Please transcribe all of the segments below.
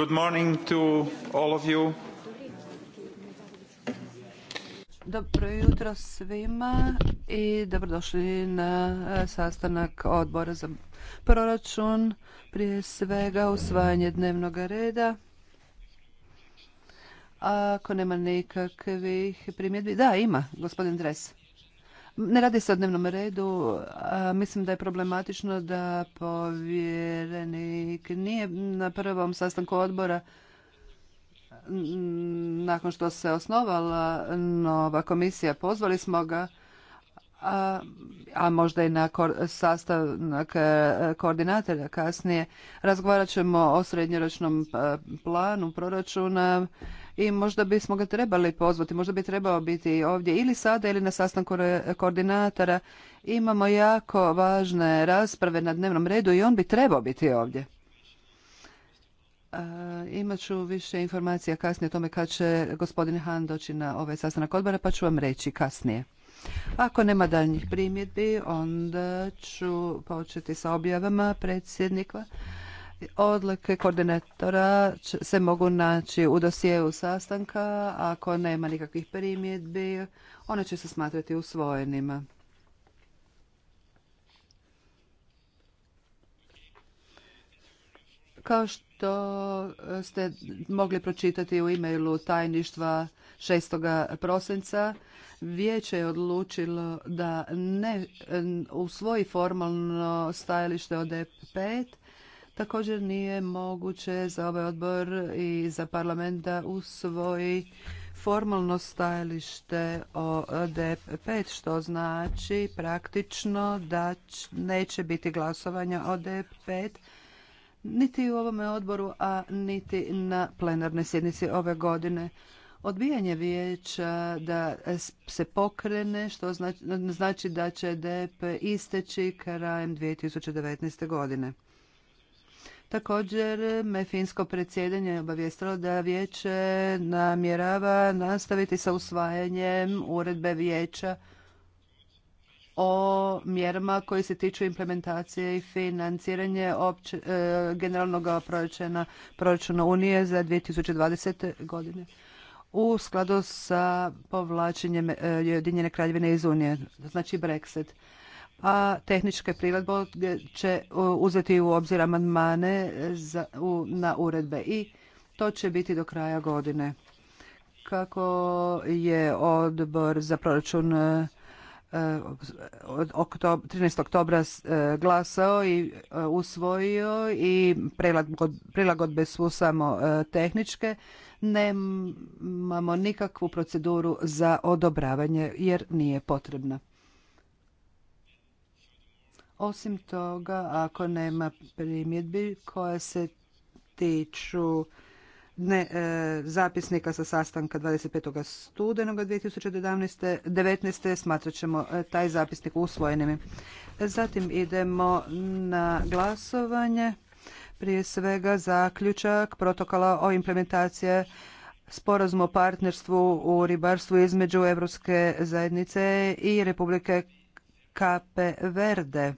Good morning to all of you. Dobro jutro svima i dobrodošli na e, sastanak odbora za proračun, prije svega usvajanje dnevnog reda. Ako nema nikakvih primjedbi, da ima, gospodin Dres. Ne radi se o dnevnom redu. mislim da je problematično da povjerenik nije na prvom sastanku odbora nakon što se osnovala nova komisija. Pozvali smo ga a, možda i na sastanak e, koordinatora kasnije. Razgovarat ćemo o srednjoročnom e, planu proračuna i možda bismo ga trebali pozvati, možda bi trebao biti ovdje ili sada ili na sastanku koordinatora. Imamo jako važne rasprave na dnevnom redu i on bi trebao biti ovdje. Imat ću više informacija kasnije o tome kad će gospodin Han doći na ovaj sastanak odbora, pa ću vam reći kasnije. Ako nema daljnjih primjedbi, onda ću početi sa objavama predsjednika. Odlike koordinatora se mogu naći u dosijeu sastanka. Ako nema nikakvih primjedbi, one će se smatrati usvojenima. Kao što e, ste mogli pročitati u e-mailu tajništva 6. prosinca, vijeće je odlučilo da ne usvoji formalno stajalište od EP5 Također nije moguće za ovaj odbor i za parlament da usvoji formalno stajalište o DEP5, što znači praktično da neće biti glasovanja o DEP5 niti u ovome odboru, a niti na plenarnoj sjednici ove godine. Odbijanje vijeća da se pokrene, što znači, znači da će DEP isteći krajem 2019. godine. Također me finsko predsjedanje obavijestilo da vijeće namjerava nastaviti sa usvajanjem uredbe vijeća o mjerama koji se tiču implementacije i financiranje opće, e, generalnog proračuna, proračuna Unije za 2020. godine u skladu sa povlačenjem e, Jedinjene kraljevine iz Unije, znači Brexit a tehničke prilagodbe će e, uzeti u obzir amandmane na uredbe i to će biti do kraja godine. Kako je odbor za proračun 13. E, oktobra e, glasao i usvojio i prilagodbe su samo tehničke, nemamo nikakvu proceduru za odobravanje jer nije potrebna. Osim toga, ako nema primjedbi koja se tiču ne, e, zapisnika sa sastanka 25. studenoga 2019. 19. smatrat ćemo e, taj zapisnik usvojenim. Zatim idemo na glasovanje. Prije svega zaključak protokola o implementacije sporazum o partnerstvu u ribarstvu između Europske zajednice i Republike Kape Verde.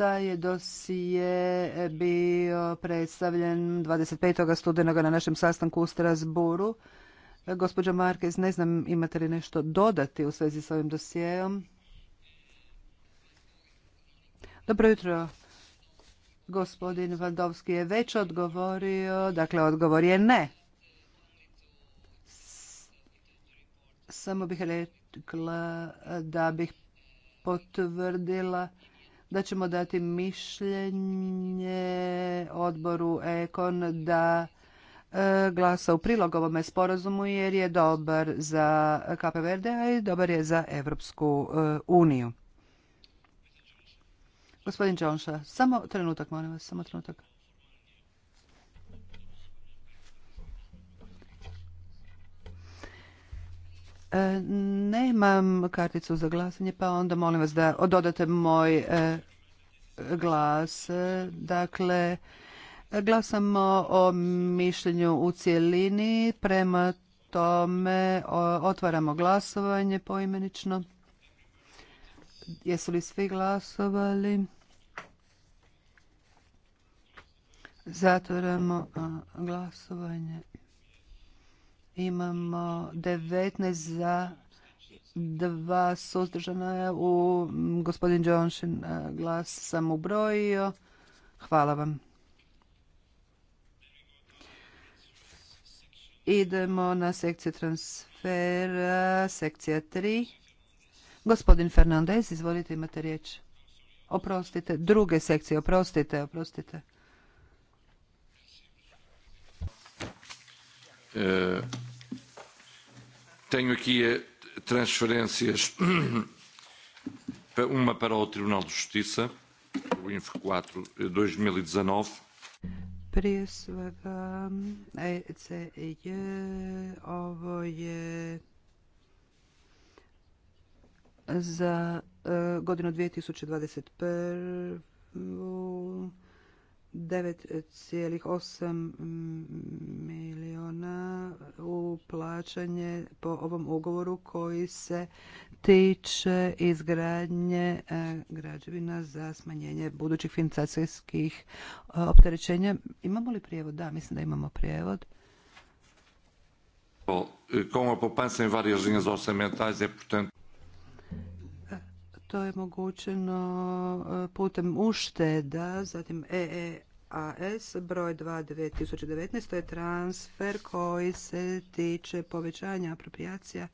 Taj je dosije bio predstavljen 25. studenoga na našem sastanku u Strasburu. Gospođo Markez, ne znam imate li nešto dodati u svezi s ovim dosijeom. Dobro jutro. Gospodin Vandovski je već odgovorio, dakle odgovor je ne. Samo bih rekla da bih potvrdila da ćemo dati mišljenje odboru Ekon da e, glasa u prilog ovome sporazumu jer je dobar za KPVRD i dobar je za Evropsku e, uniju. Gospodin Čonša, samo trenutak, molim vas, samo trenutak. E, nemam karticu za glasanje, pa onda molim vas da dodate moj e, glas. Dakle, glasamo o mišljenju u cjelini. Prema tome otvaramo glasovanje poimenično. Jesu li svi glasovali? Zatvaramo glasovanje. Imamo devetnaest za dva suzdržana u gospodin Johnson e, glas sam ubrojio. Hvala vam. Idemo na sekciju transfera, sekcija 3. Gospodin Fernandez, izvolite, imate riječ. Oprostite, druge sekcije, oprostite, oprostite. E, Tenho aqui transferências, uma para o Tribunal de Justiça, o INFO 4 2019. Prije svega, ECJ, ovo je za eh, godinu 2021. 9,8 milijuna u plaćanje po ovom ugovoru koji se tiče izgradnje e, građevina za smanjenje budućih financijskih e, opterećenja. Imamo li prijevod? Da, mislim da imamo prijevod. E, to je mogućeno putem ušteda, zatim AS broj 2 2019. To je transfer koji se tiče povećanja apropijacija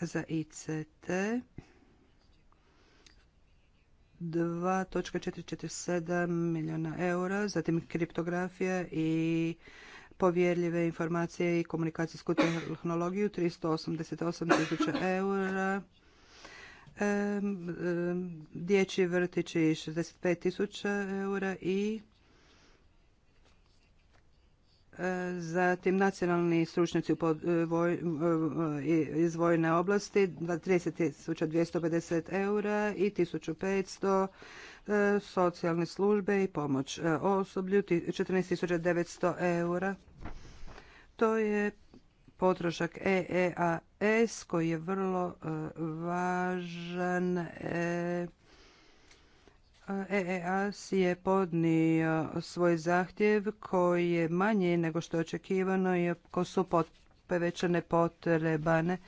za ICT. 2.447 milijuna eura, zatim kriptografija i povjerljive informacije i komunikacijsku tehnologiju 388 tisuća eura, dječji vrtići 65 tisuća eura i e, zatim nacionalni stručnjaci e, e, iz vojne oblasti 30.250 eura i 1.500 socijalne službe i pomoć osoblju 14.900 eura. To je potrošak EEAS koji je vrlo e, važan. EEAS e je podnio svoj zahtjev koji je manji nego što je očekivano iako su povećane potrebane.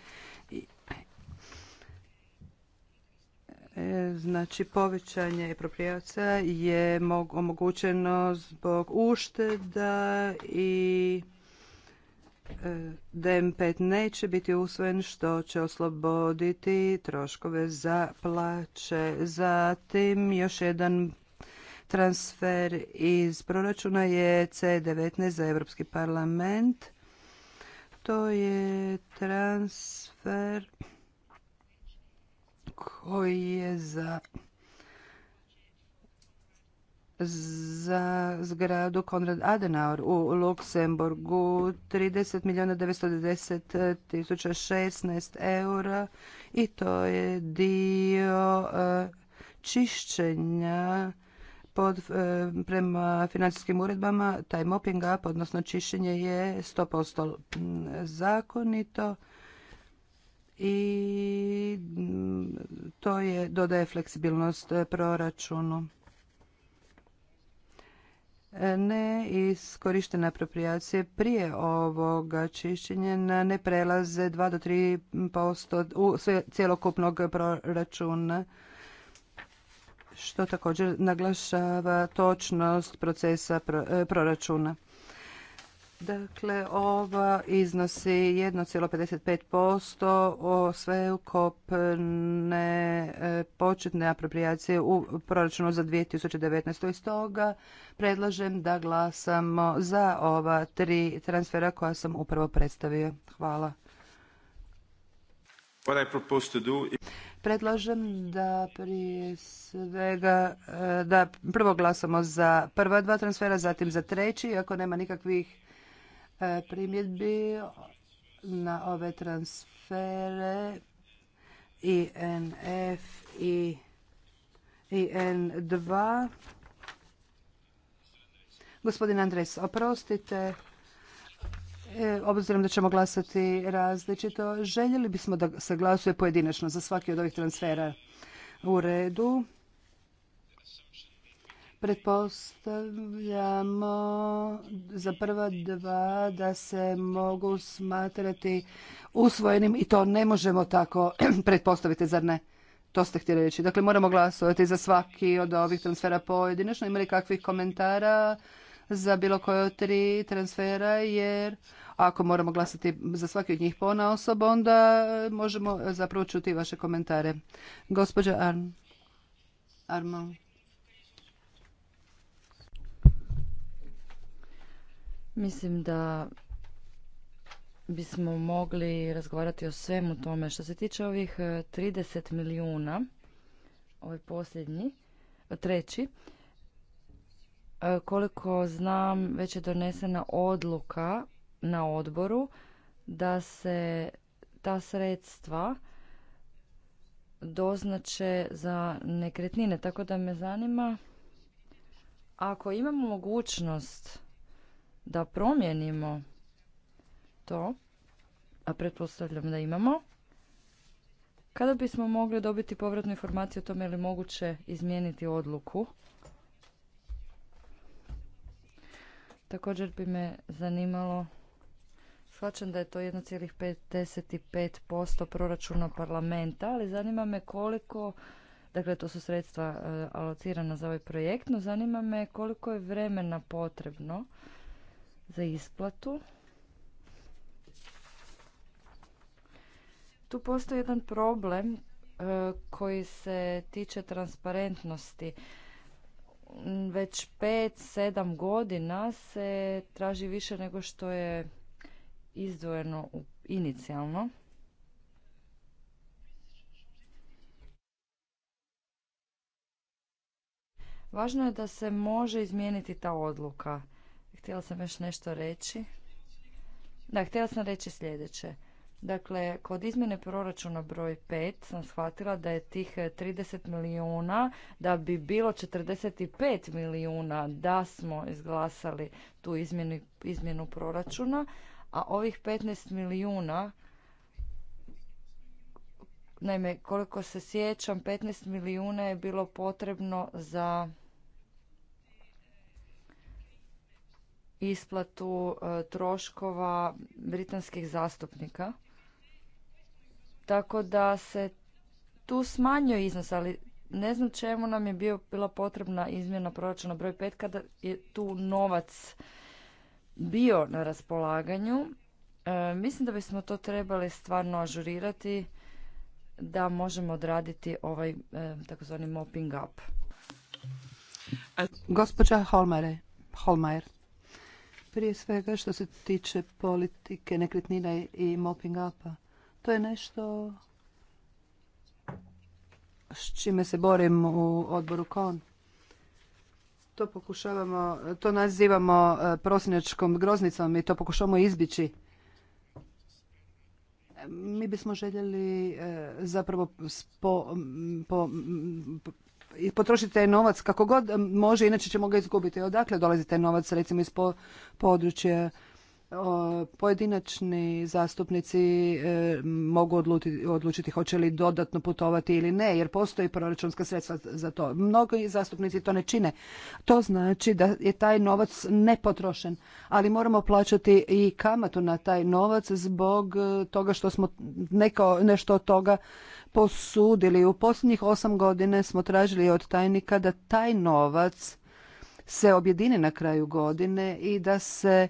E, znači, povećanje proprijavca je omogućeno zbog ušteda i DM5 neće biti usvojen što će osloboditi troškove za plaće. Zatim još jedan transfer iz proračuna je C19 za Europski parlament. To je transfer koji je za za zgradu Konrad Adenauer u Luksemburgu 30 milijuna tisuća eura i to je dio eh, čišćenja eh, prema financijskim uredbama taj mopping up, odnosno čišćenje je 100% mm, zakonito i mm, to je dodaje fleksibilnost eh, proračunu. Ne neiskorištene aproprijacije prije ovoga čišćenja ne prelaze 2 do 3% cjelokupnog proračuna što također naglašava točnost procesa e, proračuna. Dakle, ova iznosi 1,55% o sveukopne e, početne aproprijacije u proračunu za 2019. I stoga predlažem da glasamo za ova tri transfera koja sam upravo predstavio. Hvala. Predlažem da prije svega, e, da prvo glasamo za prva dva transfera, zatim za treći, ako nema nikakvih primjedbi na ove transfere i i N2. Gospodin Andres, oprostite. E, obzirom da ćemo glasati različito, željeli bismo da se glasuje pojedinačno za svaki od ovih transfera u redu. Pretpostavljamo za prva dva da se mogu smatrati usvojenim i to ne možemo tako pretpostaviti, zar ne? To ste htjeli reći. Dakle, moramo glasovati za svaki od ovih transfera pojedinačno. Ima li kakvih komentara za bilo koje od tri transfera? Jer ako moramo glasati za svaki od njih pona osoba, onda e, možemo e, zapravo čuti vaše komentare. Gospođa Arm. Mislim da bismo mogli razgovarati o svemu tome. Što se tiče ovih 30 e, milijuna, ovaj posljednji, e, treći, e, koliko znam, već je donesena odluka na odboru da se ta sredstva doznače za nekretnine. Tako da me zanima, ako imamo mogućnost da promijenimo to, a pretpostavljam da imamo, kada bismo mogli dobiti povratnu informaciju o tome je li moguće izmijeniti odluku? Također bi me zanimalo, shvaćam da je to 1,55% proračuna parlamenta, ali zanima me koliko, dakle to su sredstva e, alocirana za ovaj projekt, no zanima me koliko je vremena potrebno za isplatu. Tu postoji jedan problem e, koji se tiče transparentnosti. Već 5-7 godina se traži više nego što je izdvojeno inicijalno. Važno je da se može izmijeniti ta odluka. Htjela sam još nešto reći. Da, htjela sam reći sljedeće. Dakle, kod izmjene proračuna broj 5 sam shvatila da je tih 30 milijuna, da bi bilo 45 milijuna da smo izglasali tu izmjenu, izmjenu proračuna, a ovih 15 milijuna, naime, koliko se sjećam, 15 milijuna je bilo potrebno za isplatu e, troškova britanskih zastupnika. Tako da se tu smanjio iznos, ali ne znam čemu nam je bio, bila potrebna izmjena proračuna broj pet, kada je tu novac bio na raspolaganju. E, mislim da bismo to trebali stvarno ažurirati da možemo odraditi ovaj e, takozvani mopping up. Gospođa Holmare, Holmajer. Prije svega što se tiče politike nekretnina i mopping upa. To je nešto s čime se borim u odboru KON. To pokušavamo, to nazivamo e, prosinačkom groznicom i to pokušavamo izbići. Mi bismo željeli e, zapravo po, i potrošiti taj novac kako god može, inače ćemo ga izgubiti. Odakle dolazi taj novac recimo iz područja pojedinačni zastupnici e, mogu odlučiti hoće li dodatno putovati ili ne, jer postoji proračunska sredstva za to. Mnogi zastupnici to ne čine. To znači da je taj novac nepotrošen, ali moramo plaćati i kamatu na taj novac zbog e, toga što smo neko, nešto od toga posudili. U posljednjih osam godine smo tražili od tajnika da taj novac se objedini na kraju godine i da se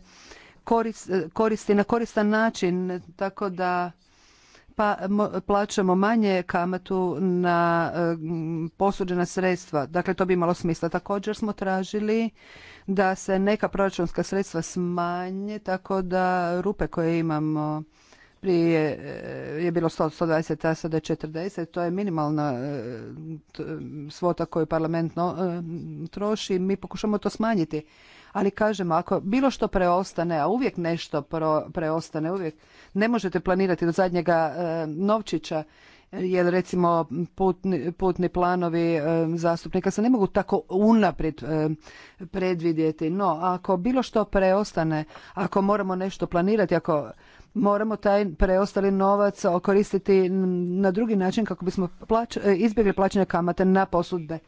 koristi na koristan način, tako da pa plaćamo manje kamatu na mm, posuđena sredstva. Dakle, to bi imalo smisla. Također smo tražili da se neka proračunska sredstva smanje, tako da rupe koje imamo prije eh, je bilo 120, a sada je 40. To je minimalna eh, svota koju parlament eh, troši. Mi pokušamo to smanjiti. Ali kažem, ako bilo što preostane, a uvijek nešto preostane, uvijek ne možete planirati do zadnjega e, novčića, jer recimo putni, putni planovi e, zastupnika se ne mogu tako unaprijed e, predvidjeti. No, ako bilo što preostane, ako moramo nešto planirati, ako moramo taj preostali novac koristiti na drugi način kako bismo izbjegli plaćanje kamate na posudbe.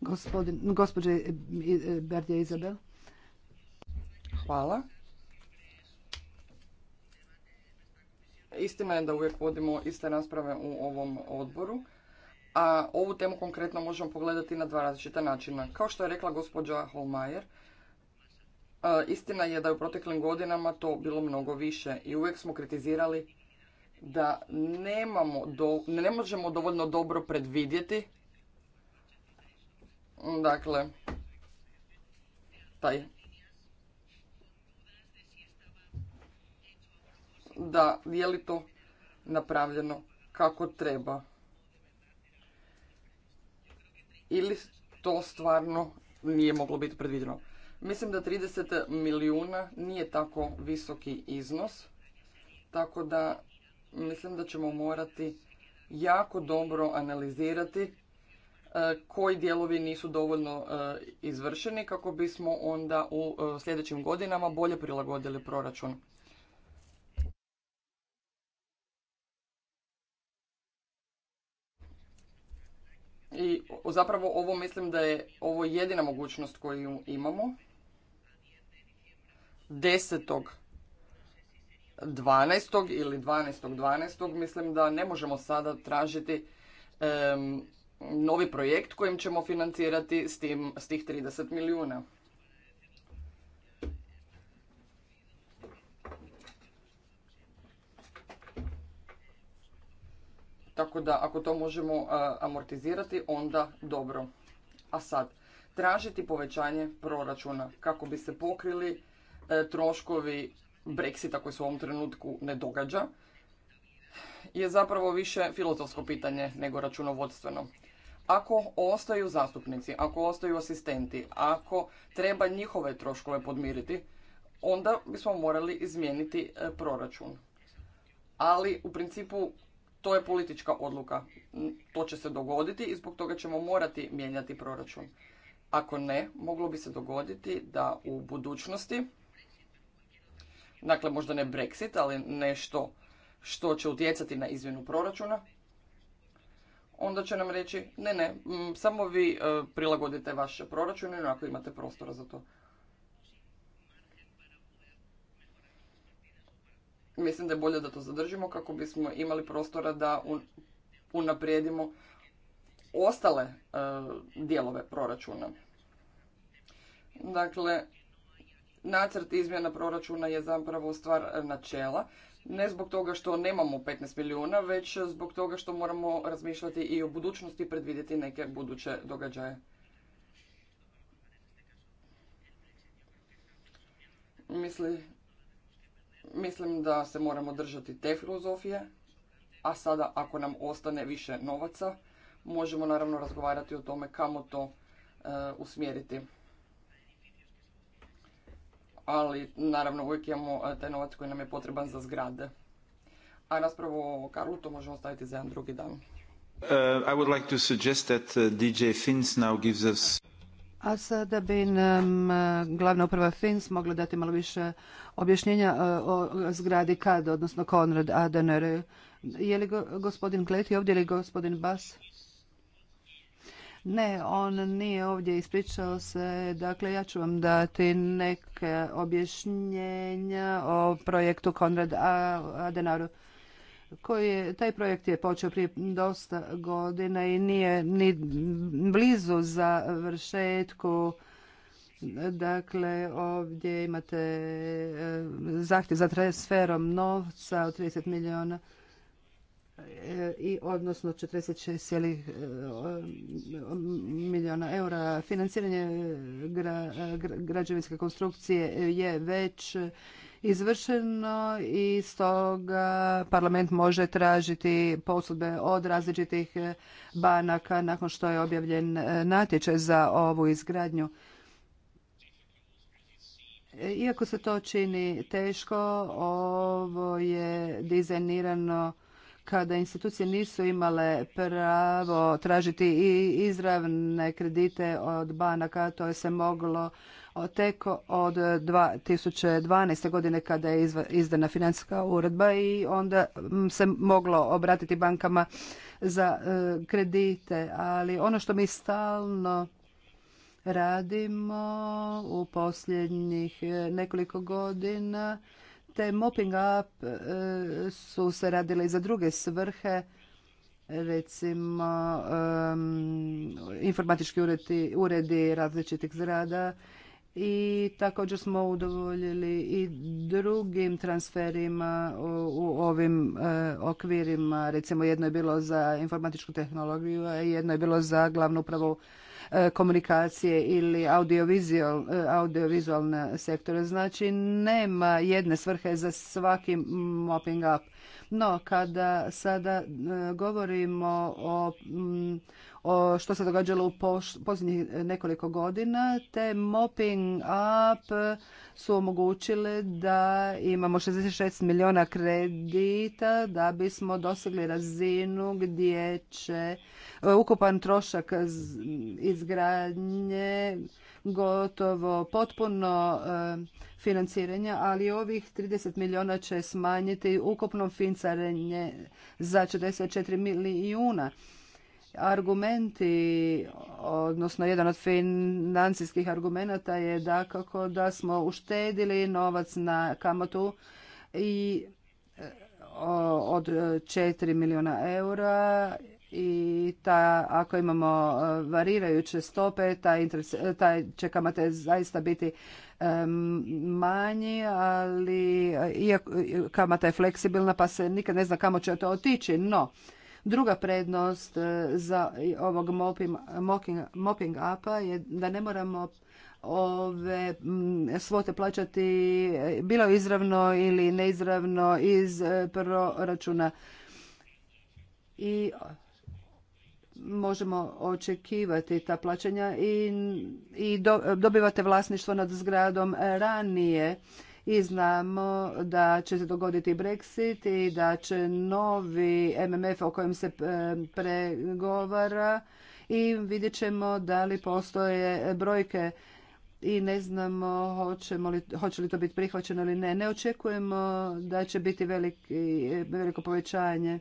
Gospodin, gospođe Berdje Izabel. Hvala. Istina je da uvijek vodimo iste rasprave u ovom odboru, a ovu temu konkretno možemo pogledati na dva različita načina. Kao što je rekla gospođa Holmajer, e, istina je da je u proteklim godinama to bilo mnogo više i uvijek smo kritizirali da ne možemo dovoljno dobro predvidjeti dakle taj da je li to napravljeno kako treba. Ili to stvarno nije moglo biti predviđeno. Mislim da 30 milijuna nije tako visoki iznos, tako da mislim da ćemo morati jako dobro analizirati e, koji dijelovi nisu dovoljno e, izvršeni kako bismo onda u e, sljedećim godinama bolje prilagodili proračun. I zapravo ovo mislim da je ovo jedina mogućnost koju imamo. desetog 12. ili 12. 12. mislim da ne možemo sada tražiti novi projekt kojim ćemo financirati s, s tih 30 milijuna. Tako da ako to možemo amortizirati onda dobro. A sad, tražiti povećanje proračuna kako bi se pokrili e, troškovi Brexita koji se u ovom trenutku ne događa je zapravo više filozofsko pitanje nego računovodstveno. Ako ostaju zastupnici, ako ostaju asistenti, ako treba njihove troškove podmiriti, onda bismo morali izmijeniti e, proračun. Ali u principu to je politička odluka. To će se dogoditi i zbog toga ćemo morati mijenjati proračun. Ako ne, moglo bi se dogoditi da u budućnosti, dakle možda ne Brexit, ali nešto što će utjecati na izmjenu proračuna, onda će nam reći ne, ne, samo vi e, prilagodite vaše proračune ako imate prostora za to. Mislim da je bolje da to zadržimo kako bismo imali prostora da unaprijedimo ostale e, dijelove proračuna. Dakle, nacrt izmjena proračuna je zapravo stvar e, načela. Ne zbog toga što nemamo 15 milijuna, već zbog toga što moramo razmišljati i o budućnosti predvidjeti neke buduće događaje. Misli Mislim da se moramo držati te filozofije, a sada ako nam ostane više novaca, možemo naravno razgovarati o tome kamo to e, usmjeriti. Ali naravno uvijek imamo e, taj novac koji nam je potreban za zgrade. A raspravu o Karlu to možemo staviti za jedan drugi dan. Uh, I would like to suggest that uh, DJ now gives us a sada bi nam e, glavna uprava FINS mogla dati malo više objašnjenja e, o zgradi KAD, odnosno Konrad Adenauer. Je li gospodin Kleti ovdje ili gospodin Bas? Ne, on nije ovdje, ispričao se. Dakle, ja ću vam dati neke objašnjenja o projektu Konrad Adenaru koji taj projekt je počeo prije dosta godina i nije ni blizu za vršetku. Dakle, ovdje imate e, zahtjev za transferom novca od 30 milijuna e, i odnosno 46 e, milijuna eura. Financiranje građevinske konstrukcije je već izvršeno i stoga parlament može tražiti posudbe od različitih banaka nakon što je objavljen e, natječaj za ovu izgradnju. Iako se to čini teško, ovo je dizajnirano kada institucije nisu imale pravo tražiti i izravne kredite od banaka, to je se moglo tek od 2012. godine kada je izdana financijska uredba i onda se moglo obratiti bankama za e, kredite. Ali ono što mi stalno radimo u posljednjih e, nekoliko godina, te mopping up e, su se radile i za druge svrhe recimo informatički uredi, uredi različitih zgrada i također smo udovoljili i drugim transferima u ovim e, okvirima. Recimo jedno je bilo za informatičku tehnologiju, a jedno je bilo za glavnu upravu e, komunikacije ili e, audiovizualne sektore. Znači nema jedne svrhe za svaki mopping up. No, kada sada govorimo o o što se događalo u posljednjih nekoliko godina, te mopping up su omogućile da imamo 66 milijuna kredita da bismo dosegli razinu gdje će e, ukupan trošak izgradnje gotovo potpuno e, financiranja, ali ovih 30 milijuna će smanjiti ukupno financiranje za 44 milijuna argumenti, odnosno jedan od financijskih argumenata je da kako da smo uštedili novac na kamatu i e, od 4 milijuna eura i ta, ako imamo e, varirajuće stope, e, taj, interes, će kamate zaista biti manji, ali iako kamata je fleksibilna pa se nikad ne zna kamo će to otići, no Druga prednost e, za ovog mopping upa je da ne moramo ove mm, svote plaćati e, bilo izravno ili neizravno iz e, proračuna. I možemo očekivati ta plaćanja i dobivate vlasništvo nad zgradom ranije i znamo da će se dogoditi Brexit i da će novi MMF o kojem se e, pregovara i vidjet ćemo da li postoje brojke i ne znamo hoće li to biti prihvaćeno ili ne. Ne očekujemo da će biti veliko povećanje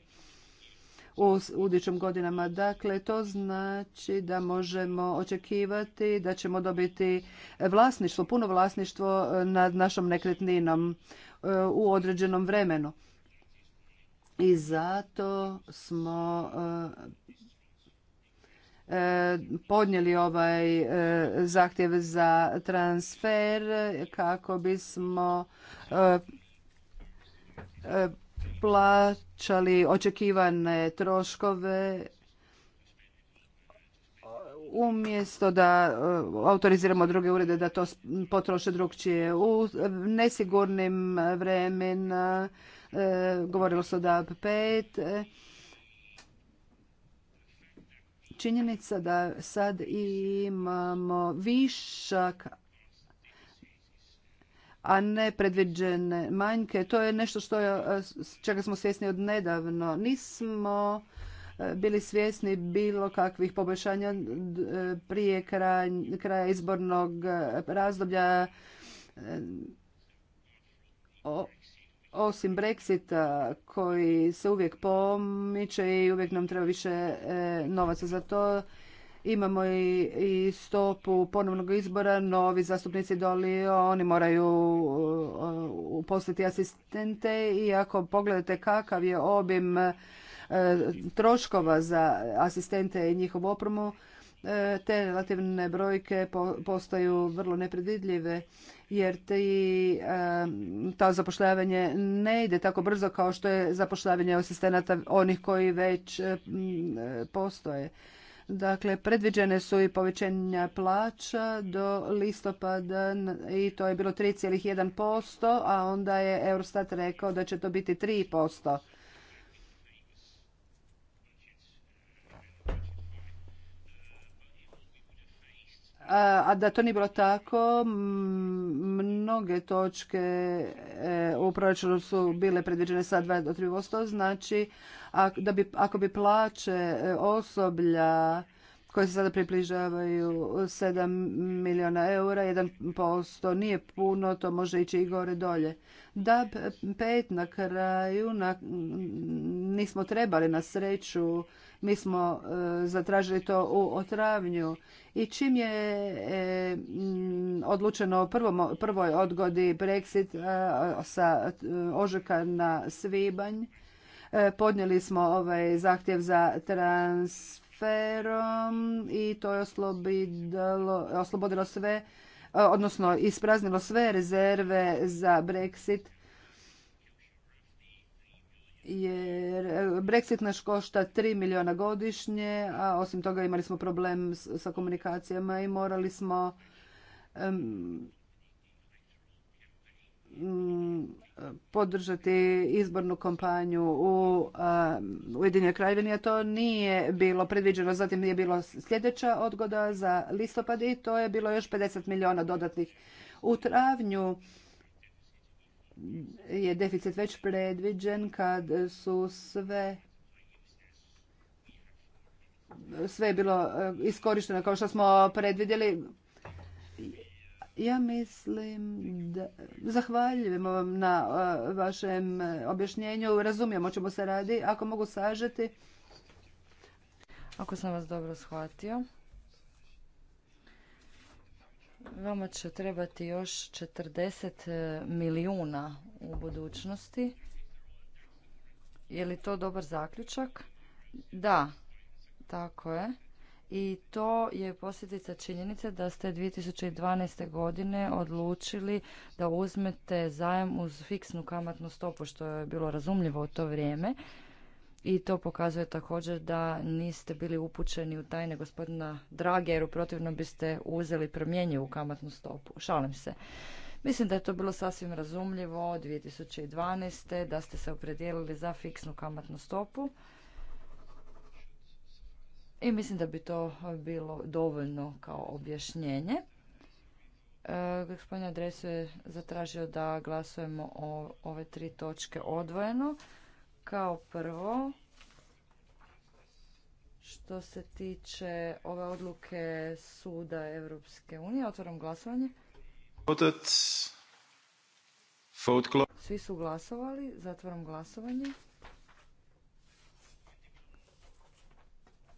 u udjećom godinama. Dakle, to znači da možemo očekivati da ćemo dobiti vlasništvo, puno vlasništvo e, nad našom nekretninom e, u određenom vremenu. I zato smo e, podnijeli ovaj zahtjev za transfer kako bismo plaćali očekivane troškove umjesto da e, autoriziramo druge urede da to potroše drugčije. U nesigurnim vremena e, govorilo se o DAB 5. E, činjenica da sad imamo višak a ne predviđene manjke. To je nešto što je, e, čega smo svjesni od nedavno. Nismo e, bili svjesni bilo kakvih poboljšanja e, prije kraja, kraja izbornog razdoblja o, osim Brexita koji se uvijek pomiče i uvijek nam treba više novaca za to Imamo i stopu ponovnog izbora, novi zastupnici doli, oni moraju uh, uposliti asistente i ako pogledate kakav je obim uh, troškova za asistente i njihovu opremu, uh, te relativne brojke postaju vrlo nepredvidljive jer ti, um, ta zapošljavanje ne ide tako brzo kao što je zapošljavanje asistenata onih koji već postoje. Dakle, predviđene su i povećanja plaća do listopada i to je bilo 3,1%, a onda je Eurostat rekao da će to biti 3%. A da to nije bilo tako, mnoge točke e, u proračunu su bile predviđene sa 2 do 3%, znači da bi, ako bi plaće e, osoblja koje se sada približavaju 7 milijuna eura, posto nije puno, to može ići i gore dolje. Da, pet na kraju, na, nismo trebali na sreću, mi smo e, zatražili to u otravnju i čim je e, mm, odlučeno o prvoj odgodi Brexit sa ožujka na svibanj, E, podnijeli smo ovaj zahtjev za transferom i to je oslobodilo sve, e, odnosno ispraznilo sve rezerve za Brexit jer e, Brexit naš košta 3 milijuna godišnje, a osim toga imali smo problem sa komunikacijama i morali smo Mm, podržati izbornu kampanju u Ujedinjenoj kraljevini, a to nije bilo predviđeno. Zatim je bilo sljedeća odgoda za listopad i to je bilo još 50 milijuna dodatnih. U travnju je deficit već predviđen kad su sve sve je bilo e, iskorišteno kao što smo predvidjeli ja mislim da zahvaljujemo vam na vašem e, objašnjenju. Razumijemo o čemu se radi. Ako mogu sažeti. Ako sam vas dobro shvatio. Vama će trebati još 40 e, milijuna u budućnosti. Je li to dobar zaključak? Da, tako je i to je posljedica činjenice da ste 2012. godine odlučili da uzmete zajam uz fiksnu kamatnu stopu što je bilo razumljivo u to vrijeme i to pokazuje također da niste bili upućeni u tajne gospodina Drage jer protivno biste uzeli promjenjivu kamatnu stopu. Šalim se. Mislim da je to bilo sasvim razumljivo 2012. da ste se opredijelili za fiksnu kamatnu stopu i mislim da bi to bilo dovoljno kao objašnjenje. E, gospodin Adresu je zatražio da glasujemo o ove tri točke odvojeno. Kao prvo, što se tiče ove odluke Suda Europske unije, otvaram glasovanje. Svi su glasovali, zatvaram glasovanje.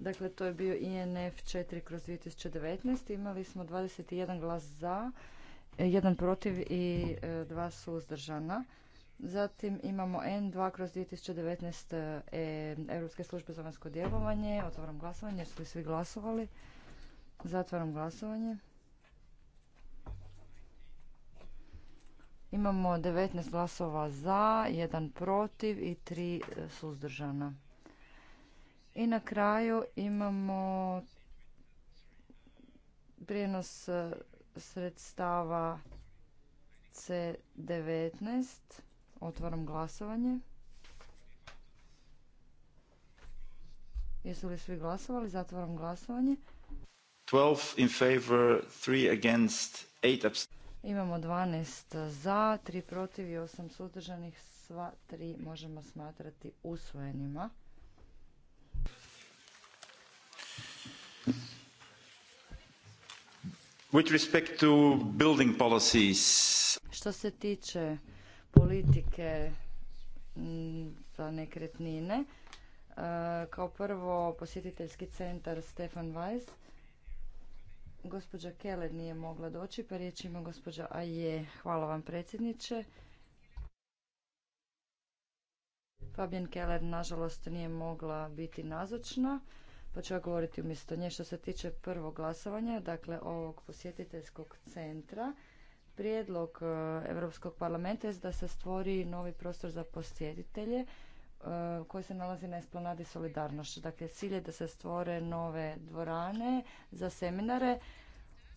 Dakle, to je bio INF 4 kroz 2019. Imali smo 21 glas za, jedan protiv i e, dva suzdržana. Zatim imamo N2 kroz 2019 e, Europske službe za vanjsko djelovanje. Otvaram glasovanje. Jesu li svi glasovali? Zatvaram glasovanje. Imamo 19 glasova za, jedan protiv i tri e, suzdržana. I na kraju imamo prijenos e, sredstava C19. Otvaram glasovanje. Jesu li svi glasovali? Zatvaram glasovanje. 12 in favor, 3 against, 8 Imamo 12 za, 3 protiv i 8 sudržanih. Sva 3 možemo smatrati usvojenima. Što se tiče politike mm, za nekretnine, e, kao prvo posjetiteljski centar Stefan Weiss, gospođa Keller nije mogla doći, pa riječ ima gospođa Aje. Hvala vam predsjedniče. Fabian Keller nažalost nije mogla biti nazočna pa ću ja govoriti umjesto nje. Što se tiče prvog glasovanja, dakle ovog posjetiteljskog centra, prijedlog e, Europskog parlamenta je da se stvori novi prostor za posjetitelje e, koji se nalazi na esplanadi Solidarnošću. Dakle, cilj je da se stvore nove dvorane za seminare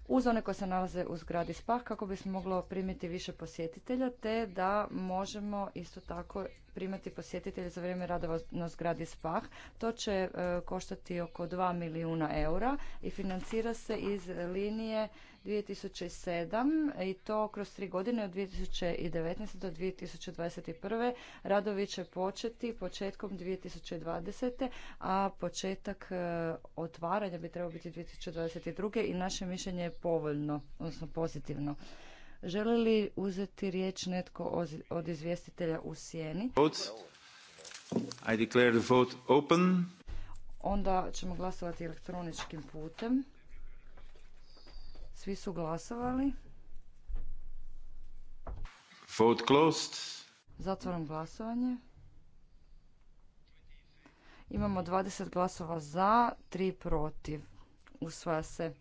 uz one koje se nalaze u zgradi SPAH kako bi se moglo primiti više posjetitelja te da možemo isto tako primati posjetitelje za vrijeme radova na zgradi Spah. To će e, koštati oko 2 milijuna eura i financira se iz linije 2007 i to kroz tri godine od 2019. do 2021. Radovi će početi početkom 2020. a početak e, otvaranja bi trebao biti 2022. i naše mišljenje je povoljno, odnosno pozitivno. Želi li uzeti riječ netko od izvjestitelja u sjeni? I declare the vote open. Onda ćemo glasovati elektroničkim putem. Svi su glasovali. Vote closed. Zatvaram glasovanje. Imamo 20 glasova za, 3 protiv. Usvaja se.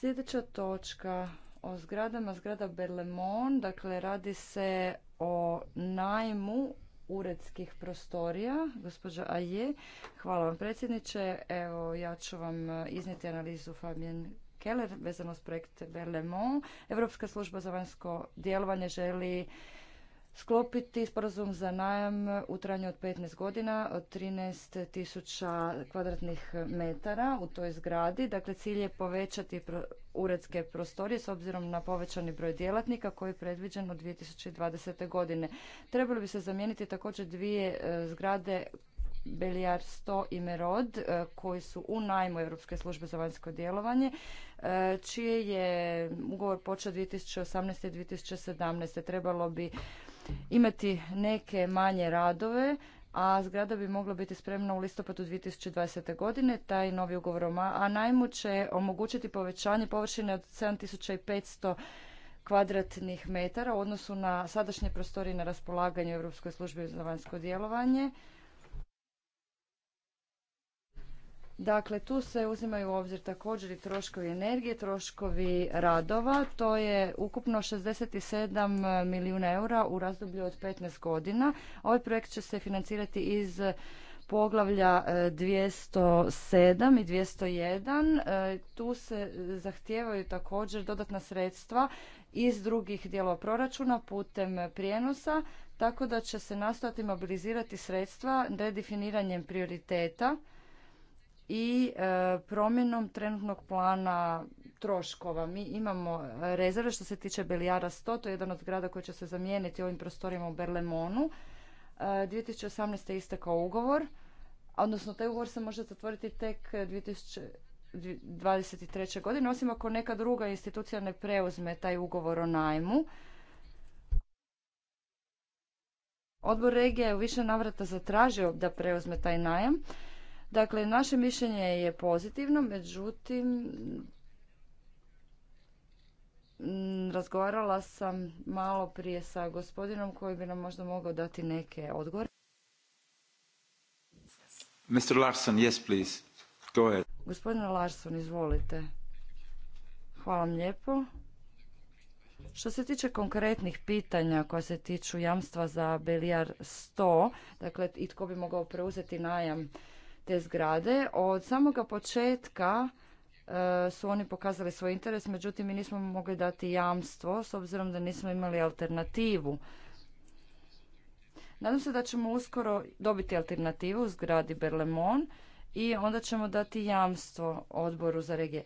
Sljedeća točka o zgradama, zgrada Berlemon, dakle radi se o najmu uredskih prostorija, gospođa Aje. Hvala vam predsjedniče, evo ja ću vam eh, iznijeti analizu Fabien Keller vezano s projekt Berlemon, Europska služba za vanjsko djelovanje želi sklopiti sporazum za najam u trajanju od 15 godina od 13.000 tisuća kvadratnih metara u toj zgradi. Dakle, cilj je povećati uredske prostorije s obzirom na povećani broj djelatnika koji je predviđen od 2020. godine. Trebalo bi se zamijeniti također dvije e, zgrade Beljar 100 i Merod e, koji su u najmu Europske službe za vanjsko djelovanje e, čije je ugovor počeo 2018. i 2017. Trebalo bi imati neke manje radove, a zgrada bi mogla biti spremna u listopadu 2020. godine. Taj novi ugovor o najmu će omogućiti povećanje površine od 7500 kvadratnih metara u odnosu na sadašnje prostorije na raspolaganju Europskoj službi za vanjsko djelovanje Dakle, tu se uzimaju u obzir također i troškovi energije, troškovi radova. To je ukupno 67 milijuna eura u razdoblju od 15 godina. Ovaj projekt će se financirati iz poglavlja 207 e, i 201. E, tu se zahtijevaju također dodatna sredstva iz drugih dijelova proračuna putem prijenosa, tako da će se nastojati mobilizirati sredstva redefiniranjem prioriteta i e, promjenom trenutnog plana troškova. Mi imamo rezerve što se tiče Belijara 100, to je jedan od grada koji će se zamijeniti ovim prostorima u Berlemonu. 2018. E, je istekao ugovor, odnosno taj ugovor se može zatvoriti tek 2023. godine, osim ako neka druga institucija ne preuzme taj ugovor o najmu. Odbor regija je u više navrata zatražio da preuzme taj najam. Dakle, naše mišljenje je pozitivno, međutim, razgovarala sam malo prije sa gospodinom koji bi nam možda mogao dati neke odgovore. Mr. Larson, yes, please. Go ahead. Gospodine Larson, izvolite. Hvala vam lijepo. Što se tiče konkretnih pitanja koja se tiču jamstva za Belijar 100, dakle i tko bi mogao preuzeti najam te zgrade. Od samoga početka e, su oni pokazali svoj interes, međutim mi nismo mogli dati jamstvo s obzirom da nismo imali alternativu. Nadam se da ćemo uskoro dobiti alternativu u zgradi Berlemon i onda ćemo dati jamstvo odboru za regije.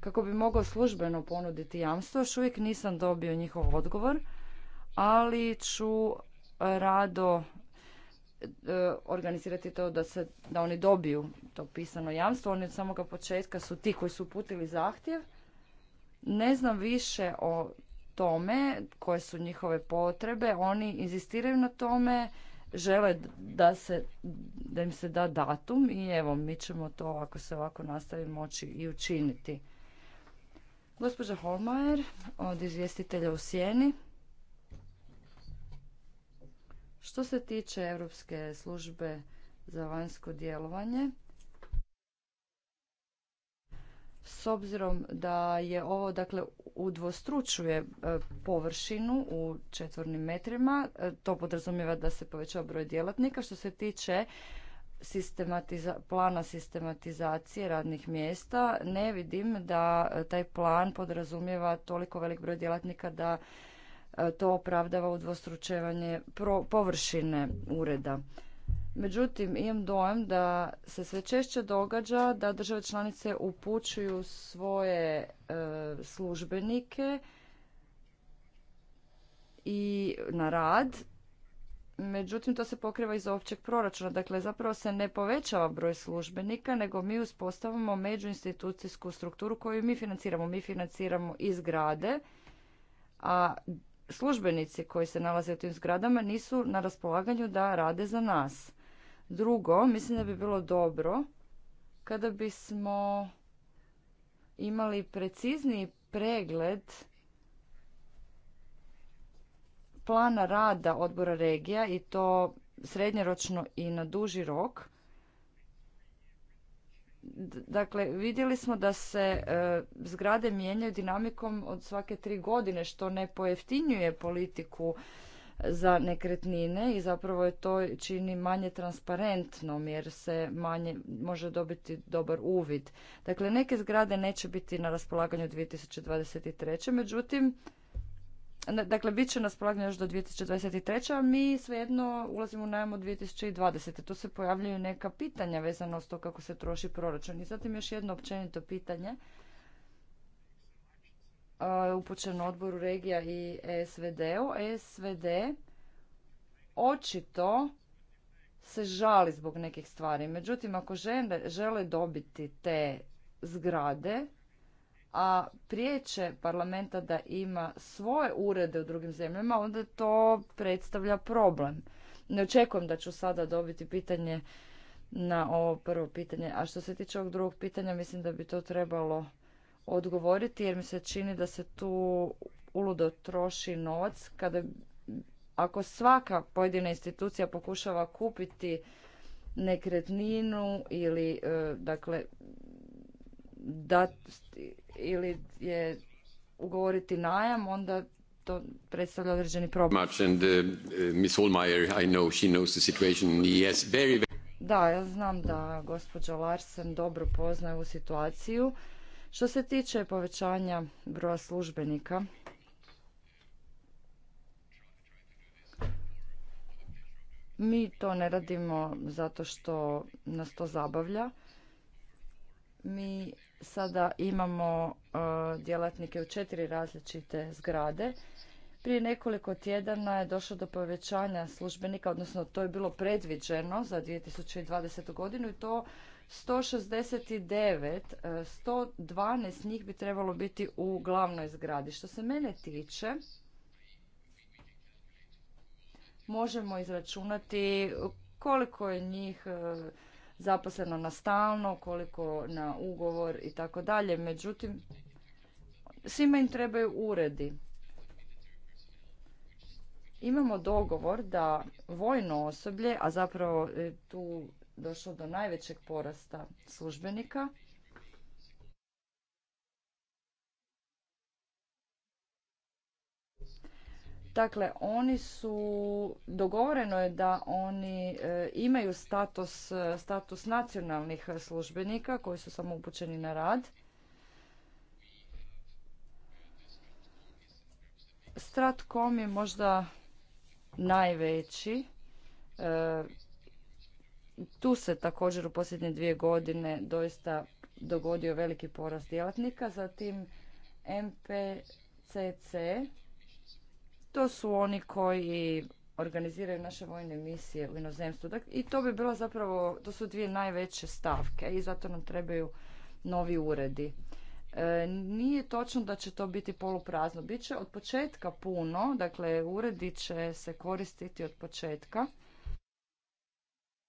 Kako bi mogao službeno ponuditi jamstvo, još uvijek nisam dobio njihov odgovor, ali ću rado E, organizirati to da, se, da oni dobiju to pisano jamstvo. Oni od samoga početka su ti koji su uputili zahtjev. Ne znam više o tome koje su njihove potrebe. Oni inzistiraju na tome, žele da, se, da im se da datum i evo, mi ćemo to, ako se ovako nastavi, moći i učiniti. Gospođa Holmajer od izvjestitelja u Sjeni. Što se tiče Europske službe za vanjsko djelovanje, s obzirom da je ovo dakle udvostručuje e, površinu u četvornim metrima, e, to podrazumijeva da se povećava broj djelatnika. Što se tiče sistematiza plana sistematizacije radnih mjesta, ne vidim da taj plan podrazumijeva toliko velik broj djelatnika da E, to opravdava udvostručevanje površine ureda. Međutim, imam dojam da se sve češće događa da države članice upućuju svoje e, službenike i na rad. Međutim, to se pokriva iz općeg proračuna. Dakle, zapravo se ne povećava broj službenika, nego mi uspostavamo međuinstitucijsku strukturu koju mi financiramo. Mi financiramo izgrade, a službenici koji se nalaze u tim zgradama nisu na raspolaganju da rade za nas. Drugo, mislim da bi bilo dobro kada bismo imali precizni pregled plana rada odbora regija i to srednjeročno i na duži rok Dakle, vidjeli smo da se e, zgrade mijenjaju dinamikom od svake tri godine, što ne pojeftinjuje politiku za nekretnine i zapravo je to čini manje transparentnom jer se manje može dobiti dobar uvid. Dakle, neke zgrade neće biti na raspolaganju 2023. Međutim, Dakle, bit će na još do 2023. a mi svejedno ulazimo u najam od 2020. Tu se pojavljaju neka pitanja vezano s to kako se troši proračun. I zatim još jedno općenito pitanje e, upućeno odboru regija i SVD-u. SVD očito se žali zbog nekih stvari. Međutim, ako žele dobiti te zgrade, a priječe parlamenta da ima svoje urede u drugim zemljama, onda to predstavlja problem. Ne očekujem da ću sada dobiti pitanje na ovo prvo pitanje. A što se tiče ovog drugog pitanja, mislim da bi to trebalo odgovoriti, jer mi se čini da se tu uludo troši novac. Kada, ako svaka pojedina institucija pokušava kupiti nekretninu ili, e, dakle, da ili je ugovoriti najam, onda to predstavlja određeni problem. Da, ja znam da gospođa Larsen dobro poznaje ovu situaciju. Što se tiče povećanja broja službenika, mi to ne radimo zato što nas to zabavlja. Mi sada imamo e, djelatnike u četiri različite zgrade. Prije nekoliko tjedana je došlo do povećanja službenika, odnosno to je bilo predviđeno za 2020. godinu i to 169, 112 e, njih bi trebalo biti u glavnoj zgradi. Što se mene tiče, možemo izračunati koliko je njih e, zaposleno na stalno, koliko na ugovor i tako dalje. Međutim, svima im trebaju uredi. Imamo dogovor da vojno osoblje, a zapravo e, tu došlo do najvećeg porasta službenika, Dakle, oni su, dogovoreno je da oni e, imaju status, e, status nacionalnih službenika koji su samo upućeni na rad. Stratkom je možda najveći. E, tu se također u posljednje dvije godine doista dogodio veliki porast djelatnika. Zatim MPCC, to su oni koji organiziraju naše vojne misije u inozemstvu. Dakle, I to bi bilo zapravo, to su dvije najveće stavke i zato nam trebaju novi uredi. E, nije točno da će to biti poluprazno. Biće od početka puno, dakle uredi će se koristiti od početka.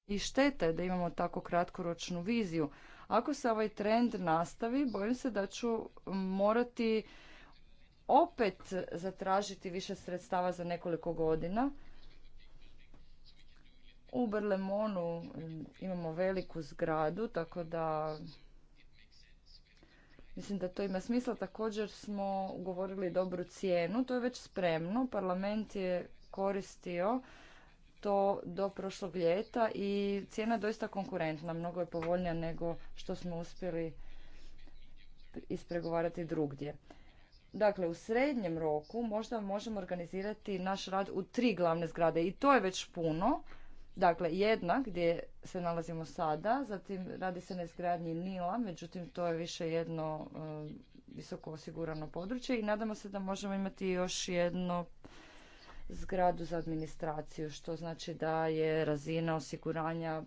I šteta je da imamo tako kratkoročnu viziju. Ako se ovaj trend nastavi, bojim se da ću morati opet zatražiti više sredstava za nekoliko godina. U Berlemonu imamo veliku zgradu, tako da mislim da to ima smisla. Također smo ugovorili dobru cijenu, to je već spremno. Parlament je koristio to do prošlog ljeta i cijena je doista konkurentna, mnogo je povoljnija nego što smo uspjeli ispregovarati drugdje. Dakle, u srednjem roku možda možemo organizirati naš rad u tri glavne zgrade i to je već puno. Dakle, jedna gdje se nalazimo sada, zatim radi se na izgradnji Nila, međutim to je više jedno e, visoko osigurano područje i nadamo se da možemo imati još jedno zgradu za administraciju, što znači da je razina osiguranja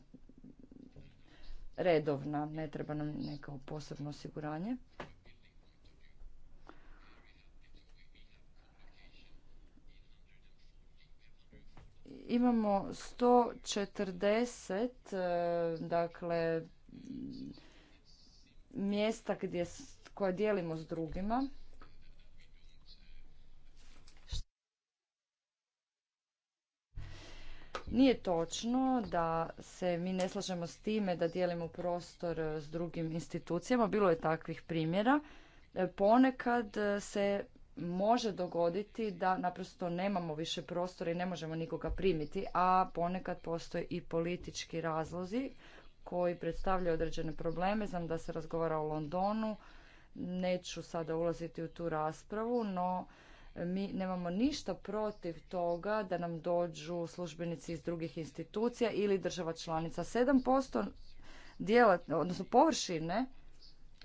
redovna, ne treba nam neko posebno osiguranje. Imamo 140 e, dakle mjesta gdje, koja dijelimo s drugima. Nije točno da se mi ne slažemo s time da dijelimo prostor e, s drugim institucijama. Bilo je takvih primjera. E, ponekad se može dogoditi da naprosto nemamo više prostora i ne možemo nikoga primiti, a ponekad postoje i politički razlozi koji predstavljaju određene probleme. Znam da se razgovara o Londonu, neću sada ulaziti u tu raspravu, no e, mi nemamo ništa protiv toga da nam dođu službenici iz drugih institucija ili država članica. 7% djela odnosno površine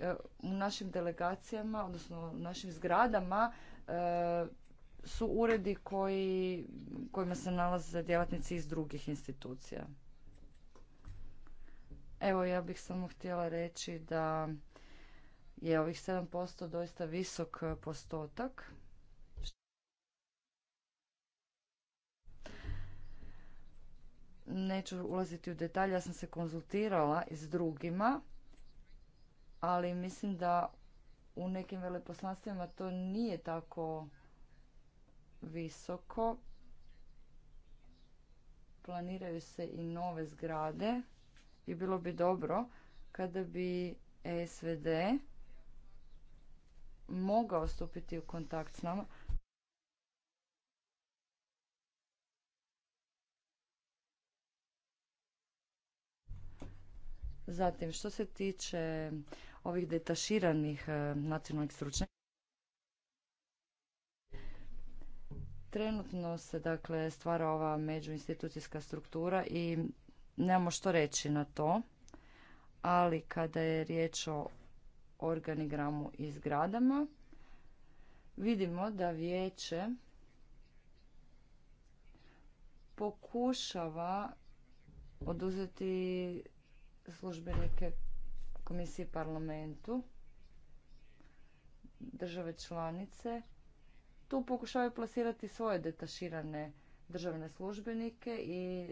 E, u našim delegacijama, odnosno u našim zgradama e, su uredi koji, kojima se nalaze djelatnici iz drugih institucija. Evo, ja bih samo htjela reći da je ovih 7% doista visok postotak. Neću ulaziti u detalje, ja sam se konzultirala s drugima ali mislim da u nekim veleposlanstvima to nije tako visoko. Planiraju se i nove zgrade i bilo bi dobro kada bi e SVD mogao stupiti u kontakt s nama. Zatim, što se tiče ovih detaširanih e, nacionalnih stručnjaka. Trenutno se dakle stvara ova međuinstitucijska struktura i nemamo što reći na to, ali kada je riječ o organigramu i zgradama, vidimo da vijeće pokušava oduzeti službenike komisiji parlamentu, države članice, tu pokušavaju plasirati svoje detaširane državne službenike i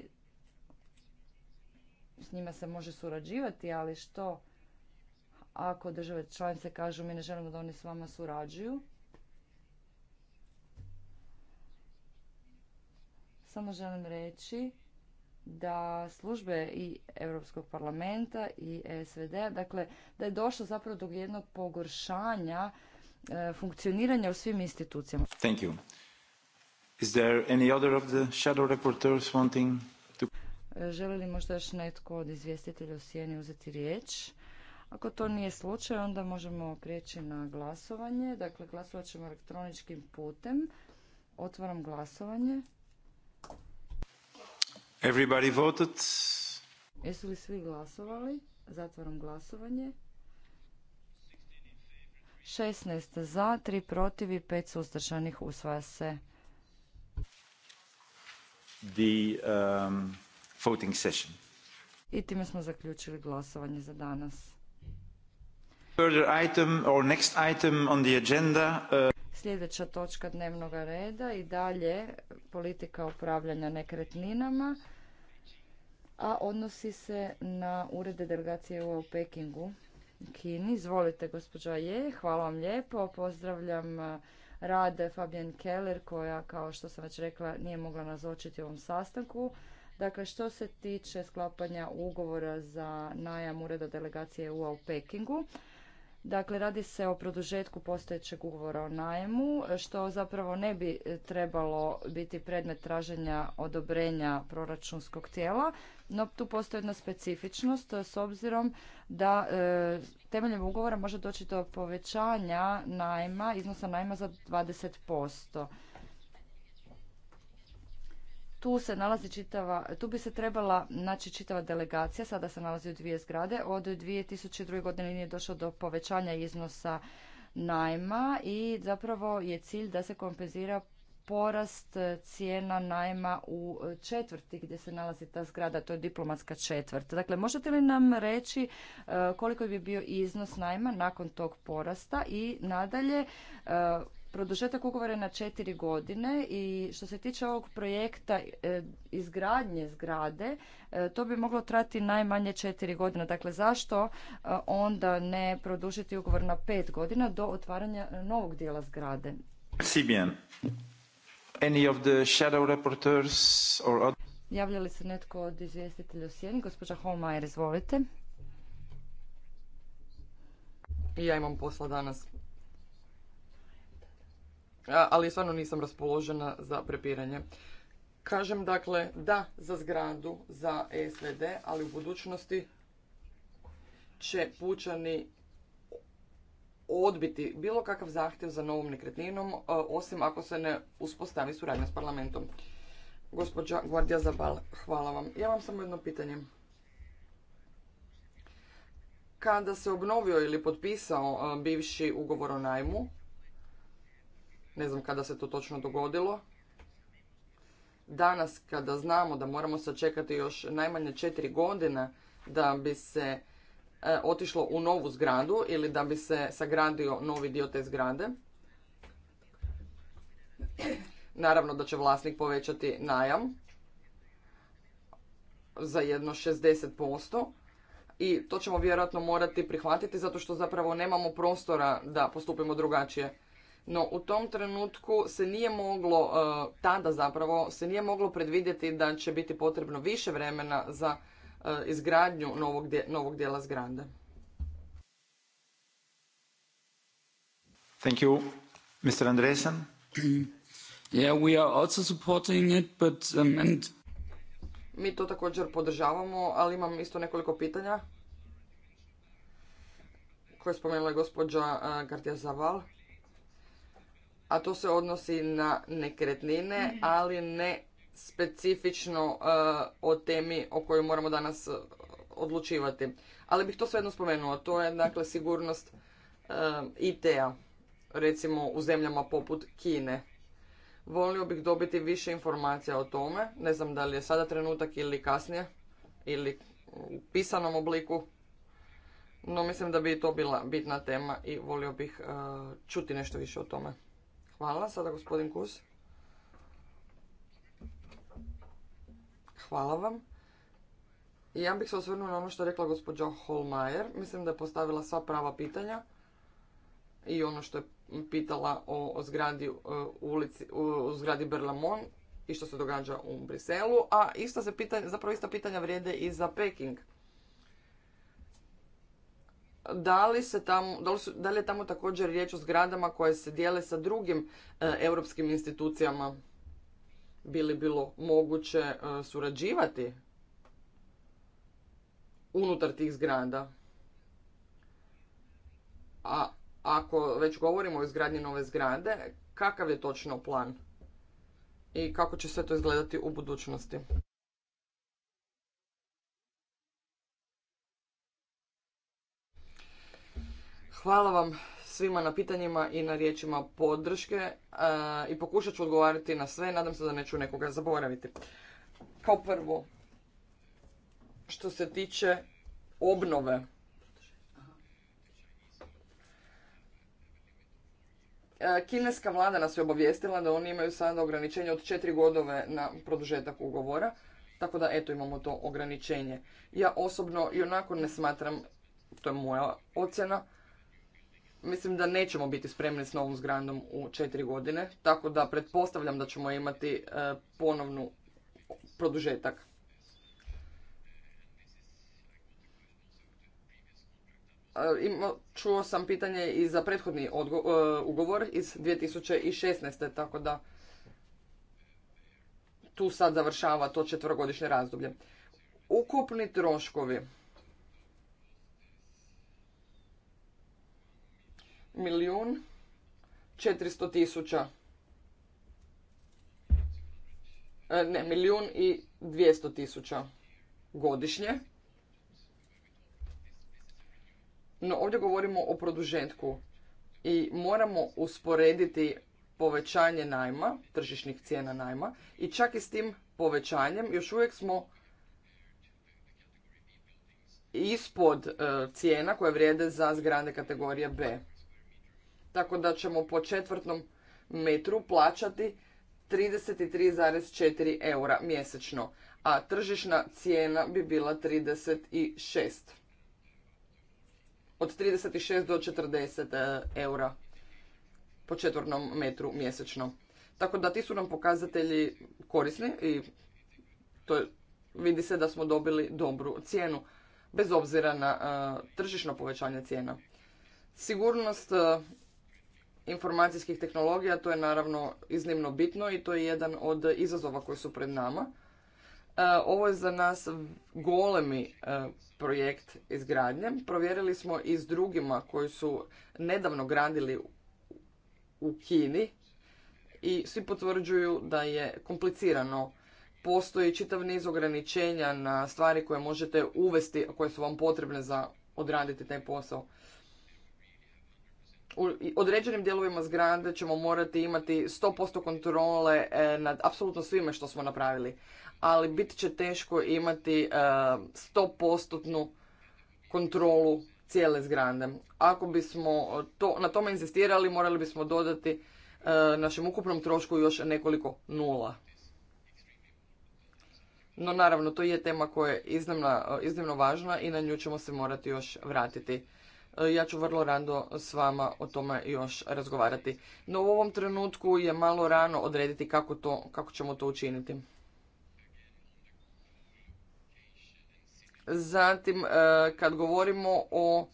s njima se može surađivati, ali što ako države članice kažu mi ne želimo da oni s vama surađuju, samo želim reći da službe i Europskog parlamenta i SVD, dakle da je došlo zapravo do jednog pogoršanja e, funkcioniranja u svim institucijama. Thank you. Is there any other of the shadow reporters wanting to... Želi li možda još netko od izvjestitelja u sjeni uzeti riječ? Ako to nije slučaj, onda možemo prijeći na glasovanje. Dakle, glasovat ćemo elektroničkim putem. Otvaram glasovanje. Everybody voted. Jesu li svi glasovali? Zatvaram glasovanje. 16 za, 3 protiv i 5 suzdržanih usvaja se. The um, voting session. I time smo zaključili glasovanje za danas. Further item or next item on the agenda. Uh... Sljedeća točka dnevnog reda i dalje politika upravljanja nekretninama a odnosi se na urede delegacije u Pekingu, Kini. Izvolite, gospođa Je, hvala vam lijepo. Pozdravljam rad Fabian Keller, koja, kao što sam već rekla, nije mogla nazočiti u ovom sastanku. Dakle, što se tiče sklapanja ugovora za najam ureda delegacije u Pekingu, Dakle, radi se o produžetku postojećeg ugovora o najmu, što zapravo ne bi trebalo biti predmet traženja odobrenja proračunskog tijela, no tu postoji jedna specifičnost s obzirom da e, temeljem ugovora može doći do povećanja najma, iznosa najma za 20%. Tu se nalazi čitava, tu bi se trebala naći čitava delegacija, sada se nalazi u dvije zgrade. Od 2002. godine nije došlo do povećanja iznosa najma i zapravo je cilj da se kompenzira porast cijena najma u četvrti gdje se nalazi ta zgrada, to je diplomatska četvrt. Dakle, možete li nam reći e, koliko bi bio iznos najma nakon tog porasta i nadalje e, Produžetak ugovora na četiri godine i što se tiče ovog projekta e, izgradnje zgrade, e, to bi moglo trati najmanje četiri godine. Dakle, zašto e, onda ne produžiti ugovor na pet godina do otvaranja novog dijela zgrade? Any of the shadow reporters or Javlja li se netko od izvjestitelja u sjeni? Gospođa Holmajer, izvolite. I ja imam posla danas ali stvarno nisam raspoložena za prepiranje. Kažem dakle da za zgradu, za e SVD, ali u budućnosti će pučani odbiti bilo kakav zahtjev za novom nekretninom, e, osim ako se ne uspostavi suradnja s parlamentom. Gospođa Guardia Zabal, hvala vam. Ja vam samo jedno pitanje. Kada se obnovio ili potpisao e, bivši ugovor o najmu, ne znam kada se to točno dogodilo. Danas kada znamo da moramo sačekati još najmanje četiri godine da bi se e, otišlo u novu zgradu ili da bi se sagradio novi dio te zgrade. Naravno da će vlasnik povećati najam za jedno 60% i to ćemo vjerojatno morati prihvatiti zato što zapravo nemamo prostora da postupimo drugačije no u tom trenutku se nije moglo, e, tada zapravo, se nije moglo predvidjeti da će biti potrebno više vremena za e, izgradnju novog, novog dijela zgrade. Thank you. Mr. Andresen? Yeah, we are also supporting it, but... Um, Mi to također podržavamo, ali imam isto nekoliko pitanja koje je spomenula gospođa e, Gardija Zaval a to se odnosi na nekretnine, mhm. ali ne specifično eh, o temi o kojoj moramo danas eh, odlučivati. Ali bih to svejedno spomenula, to je dakle sigurnost eh, IT-a, recimo u zemljama poput Kine. Volio bih dobiti više informacija o tome, ne znam da li je sada trenutak ili kasnije, ili u pisanom obliku, no mislim da bi to bila bitna tema i volio bih čuti nešto više o tome. Hvala. Sada gospodin Kus. Hvala vam. I ja bih se osvrnula na ono što je rekla gospođa Holmajer. Mislim da je postavila sva prava pitanja i ono što je pitala o, zgradi e, ulici, o zgradi Berlamon i što se događa u Briselu, a se pitanja, zapravo ista pitanja vrijede i za Peking da li, se tamo, da li je tamo također riječ o zgradama koje se dijele sa drugim e, europskim institucijama? Bi li bilo moguće e, surađivati unutar tih zgrada? A ako već govorimo o izgradnji nove zgrade, kakav je točno plan? I kako će sve to izgledati u budućnosti? Hvala vam svima na pitanjima i na riječima podrške e, i pokušat ću odgovarati na sve. Nadam se da neću nekoga zaboraviti. Kao prvo, što se tiče obnove. E, kineska vlada nas je obavijestila da oni imaju sada ograničenje od četiri godove na produžetak ugovora, tako da eto imamo to ograničenje. Ja osobno i onako ne smatram, to je moja ocjena, mislim da nećemo biti spremni s novom zgradom u četiri godine, tako da pretpostavljam da ćemo imati e, ponovnu produžetak. E, čuo sam pitanje i za prethodni e, ugovor iz 2016. tako da tu sad završava to četvrogodišnje razdoblje. Ukupni troškovi milijun 400 tisuća. E, ne, milijun i 200 tisuća godišnje. No ovdje govorimo o produžetku i moramo usporediti povećanje najma, tržišnih cijena najma i čak i s tim povećanjem još uvijek smo ispod e, cijena koje vrijede za zgrade kategorije B tako da ćemo po četvrtnom metru plaćati 33,4 eura mjesečno, a tržišna cijena bi bila 36. Od 36 do 40 e, eura po četvrtnom metru mjesečno. Tako da ti su nam pokazatelji korisni i to je, vidi se da smo dobili dobru cijenu, bez obzira na e, tržišno povećanje cijena. Sigurnost e, informacijskih tehnologija, to je naravno iznimno bitno i to je jedan od izazova koji su pred nama. E, ovo je za nas golemi e, projekt izgradnje. Provjerili smo i s drugima koji su nedavno gradili u Kini i svi potvrđuju da je komplicirano. Postoji čitav niz ograničenja na stvari koje možete uvesti, a koje su vam potrebne za odraditi taj posao u određenim dijelovima zgrade ćemo morati imati 100% kontrole e, nad apsolutno svime što smo napravili. Ali bit će teško imati 100% e, kontrolu cijele zgrade. Ako bismo to, na tome insistirali, morali bismo dodati e, našem ukupnom trošku još nekoliko nula. No naravno, to je tema koja je iznimno važna i na nju ćemo se morati još vratiti. E, ja ću vrlo rado s vama o tome još razgovarati. No u ovom trenutku je malo rano odrediti kako, to, kako ćemo to učiniti. Zatim, e, kad govorimo o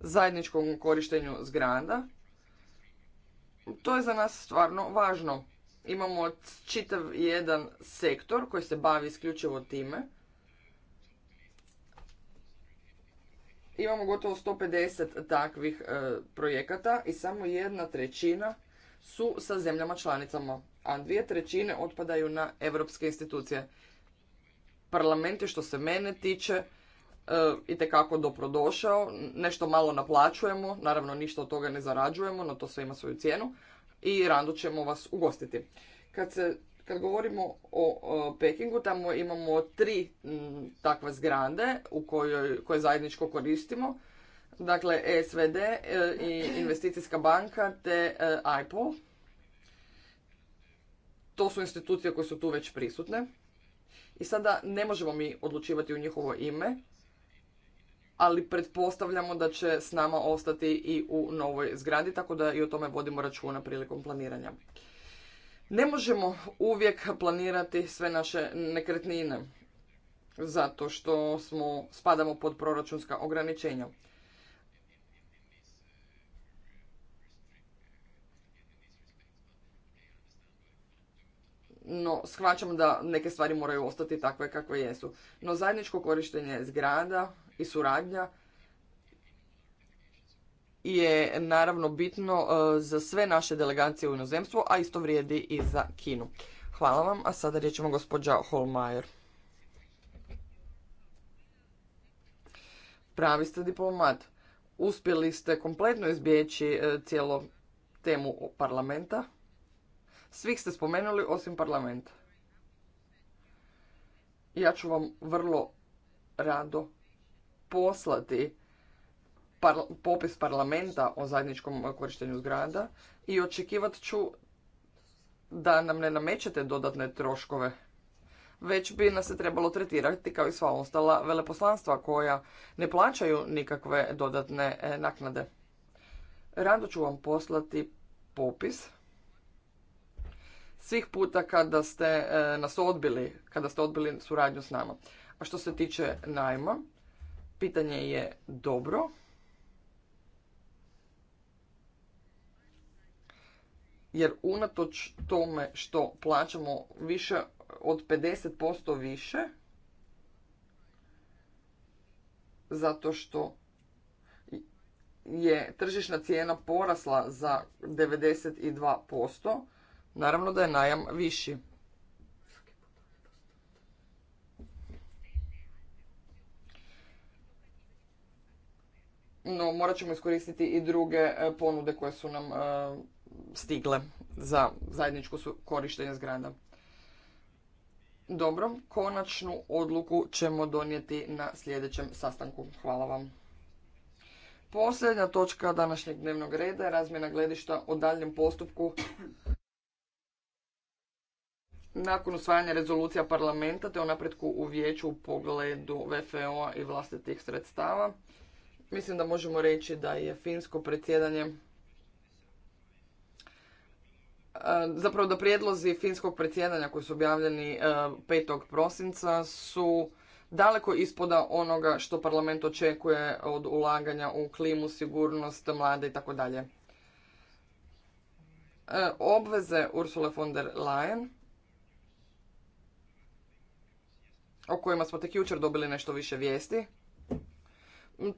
zajedničkom korištenju zgrada, to je za nas stvarno važno. Imamo čitav jedan sektor koji se bavi isključivo time Imamo gotovo 150 takvih e, projekata i samo jedna trećina su sa zemljama članicama, a dvije trećine otpadaju na europske institucije. Parlament je što se mene tiče e, itekako dobrodošao, nešto malo naplaćujemo, naravno ništa od toga ne zarađujemo, no to sve ima svoju cijenu i rado ćemo vas ugostiti. Kad se kad govorimo o Pekingu, tamo imamo tri takve zgrade u kojoj, koje zajedničko koristimo. Dakle, SVD e, i Investicijska banka te e, IPO. To su institucije koje su tu već prisutne. I sada ne možemo mi odlučivati u njihovo ime, ali pretpostavljamo da će s nama ostati i u novoj zgradi, tako da i o tome vodimo računa prilikom planiranja. Ne možemo uvijek planirati sve naše nekretnine zato što smo spadamo pod proračunska ograničenja. No, shvaćam da neke stvari moraju ostati takve kakve jesu. No, zajedničko korištenje zgrada i suradnja je naravno bitno e, za sve naše delegacije u inozemstvu, a isto vrijedi i za Kinu. Hvala vam, a sada riječ gospođa Holmajer. Pravi ste diplomat. Uspjeli ste kompletno izbjeći e, cijelo temu parlamenta. Svih ste spomenuli osim parlamenta. Ja ću vam vrlo rado poslati popis parlamenta o zajedničkom korištenju zgrada i očekivat ću da nam ne namećete dodatne troškove već bi nas se trebalo tretirati kao i sva ostala veleposlanstva koja ne plaćaju nikakve dodatne e, naknade. Rado ću vam poslati popis svih puta kada ste e, nas odbili, kada ste odbili suradnju s nama. A što se tiče najma, pitanje je dobro. jer unatoč tome što plaćamo više od 50% više, zato što je tržišna cijena porasla za 92%, naravno da je najam viši. No, morat ćemo iskoristiti i druge e, ponude koje su nam e, stigle za zajedničko korištenje zgrada. Dobro, konačnu odluku ćemo donijeti na sljedećem sastanku. Hvala vam. Posljednja točka današnjeg dnevnog reda je razmjena gledišta o daljem postupku nakon usvajanja rezolucija parlamenta te o napretku u vijeću u pogledu VFO-a i vlastitih sredstava. Mislim da možemo reći da je finsko predsjedanje E, zapravo da prijedlozi finskog predsjedanja koji su objavljeni 5. E, prosinca su daleko ispoda onoga što parlament očekuje od ulaganja u klimu, sigurnost, mlade i tako dalje. E, obveze Ursula von der Leyen o kojima smo tek jučer dobili nešto više vijesti,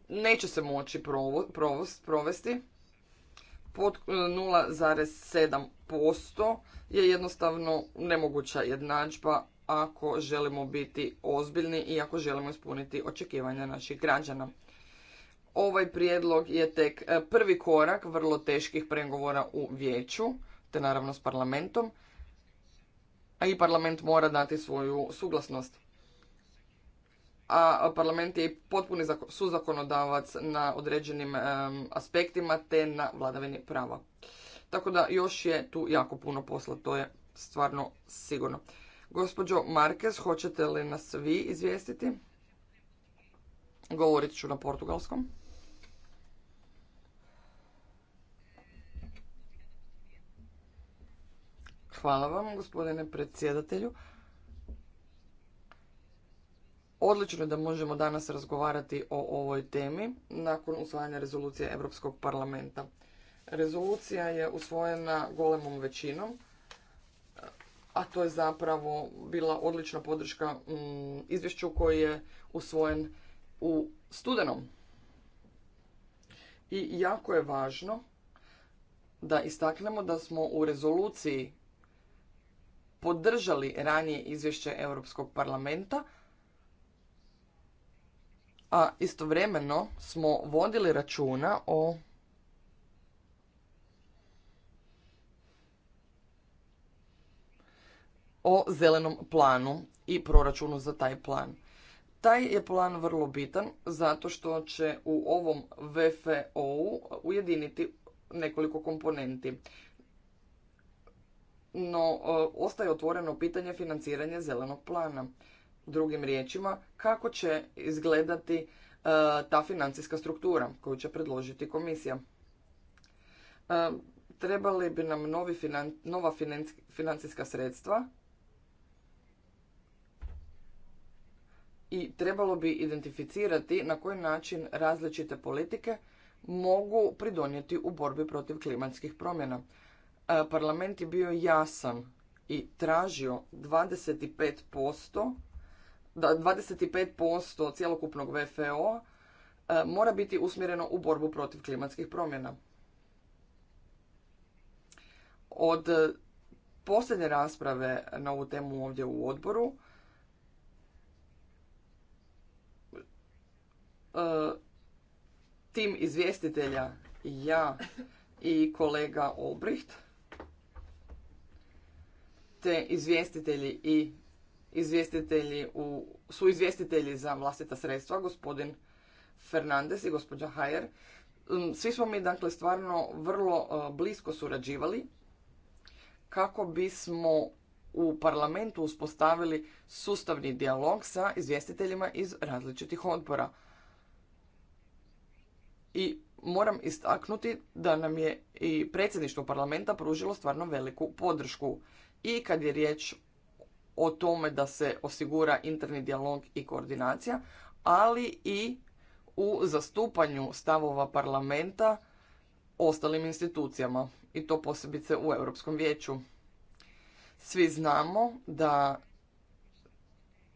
neće se moći provesti pod 0,7 posto je jednostavno nemoguća jednadžba ako želimo biti ozbiljni i ako želimo ispuniti očekivanja naših građana. Ovaj prijedlog je tek e, prvi korak vrlo teških pregovora u vijeću, te naravno s parlamentom, a i parlament mora dati svoju suglasnost. A parlament je potpuni suzakonodavac na određenim aspektima te na vladavini prava. Tako da još je tu jako puno posla, to je stvarno sigurno. Gospođo Marquez, hoćete li nas vi izvijestiti? Govorit ću na portugalskom. Hvala vam, gospodine predsjedatelju. Odlično je da možemo danas razgovarati o ovoj temi nakon usvajanja rezolucije Europskog parlamenta. Rezolucija je usvojena golemom većinom, a to je zapravo bila odlična podrška mm, izvješću koji je usvojen u studenom. I jako je važno da istaknemo da smo u rezoluciji podržali ranije izvješće Europskog parlamenta, a istovremeno smo vodili računa o o zelenom planu i proračunu za taj plan. Taj je plan vrlo bitan zato što će u ovom VFO-u ujediniti nekoliko komponenti. No, e, ostaje otvoreno pitanje financiranja zelenog plana. Drugim riječima, kako će izgledati e, ta financijska struktura koju će predložiti komisija. E, trebali bi nam novi nova financijska sredstva i trebalo bi identificirati na koji način različite politike mogu pridonijeti u borbi protiv klimatskih promjena. E, parlament je bio jasan i tražio 25%, da 25% cjelokupnog VFO e, mora biti usmjereno u borbu protiv klimatskih promjena. Od posljednje rasprave na ovu temu ovdje u odboru E, tim izvjestitelja ja i kolega Obricht te izvjestitelji i izvjestitelji u, su izvjestitelji za vlastita sredstva, gospodin Fernandez i gospođa Hajer. Mm, svi smo mi dakle stvarno vrlo e, blisko surađivali kako bismo u parlamentu uspostavili sustavni dijalog sa izvjestiteljima iz različitih odbora i moram istaknuti da nam je i predsjedništvo parlamenta pružilo stvarno veliku podršku i kad je riječ o tome da se osigura interni dijalog i koordinacija, ali i u zastupanju stavova parlamenta ostalim institucijama i to posebice u Europskom vijeću. Svi znamo da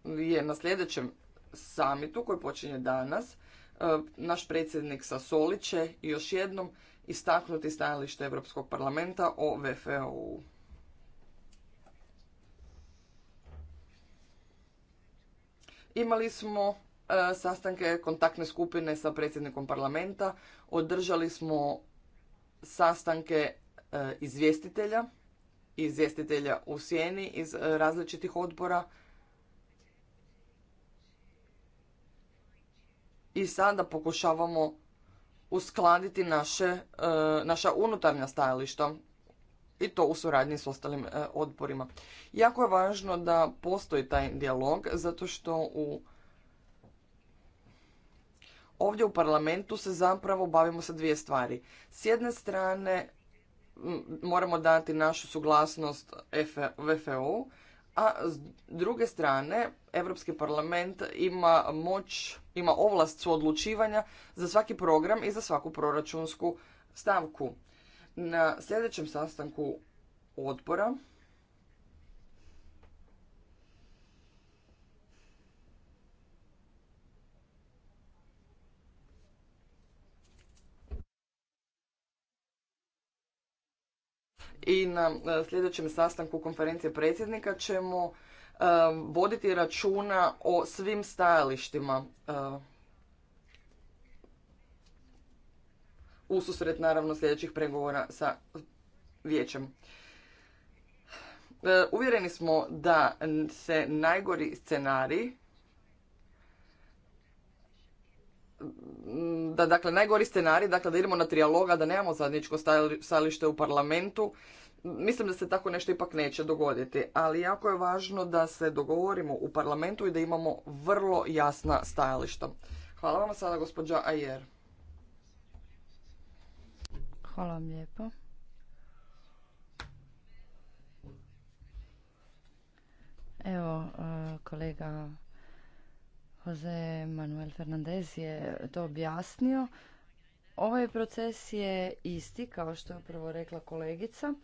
je na sljedećem samitu koji počinje danas E, naš predsjednik Sasoli će još jednom istaknuti stajalište Europskog parlamenta o VFO-u. Imali smo e, sastanke kontaktne skupine sa predsjednikom parlamenta, održali smo sastanke e, izvjestitelja izvjestitelja u sjeni iz različitih odbora i sada pokušavamo uskladiti naše, e, naša unutarnja stajališta i to u suradnji s ostalim e, odborima. Jako je važno da postoji taj dijalog zato što u ovdje u parlamentu se zapravo bavimo sa dvije stvari. S jedne strane moramo dati našu suglasnost e, VFO a s druge strane Europski parlament ima moć, ima ovlast odlučivanja za svaki program i za svaku proračunsku stavku. Na sljedećem sastanku odbora i na e, sljedećem sastanku konferencije predsjednika ćemo e, voditi računa o svim stajalištima e, ususret naravno sljedećih pregovora sa vijećem. Uvjereni smo da se najgori scenarij da dakle najgori scenarij, dakle da idemo na trijaloga, da nemamo zajedničko stajalište u parlamentu, mislim da se tako nešto ipak neće dogoditi, ali jako je važno da se dogovorimo u parlamentu i da imamo vrlo jasna stajališta. Hvala vam sada gospođa Ajer. Hvala vam lijepo. Evo e, kolega Jose Manuel Fernandez je to objasnio. Ovaj proces je isti, kao što je prvo rekla kolegica.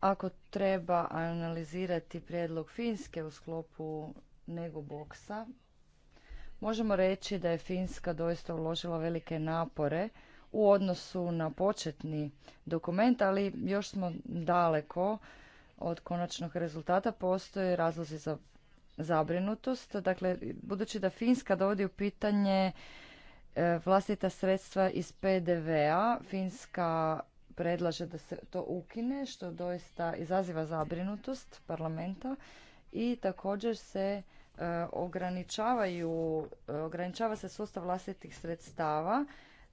Ako treba analizirati prijedlog Finske u sklopu nego boksa, možemo reći da je Finska doista uložila velike napore u odnosu na početni dokument, ali još smo daleko od konačnog rezultata. Postoje razlozi za zabrinutost. Dakle, budući da Finska dovodi u pitanje e, vlastita sredstva iz PDV-a, Finska predlaže da se to ukine, što doista izaziva zabrinutost parlamenta i također se e, ograničavaju, e, ograničava se sustav vlastitih sredstava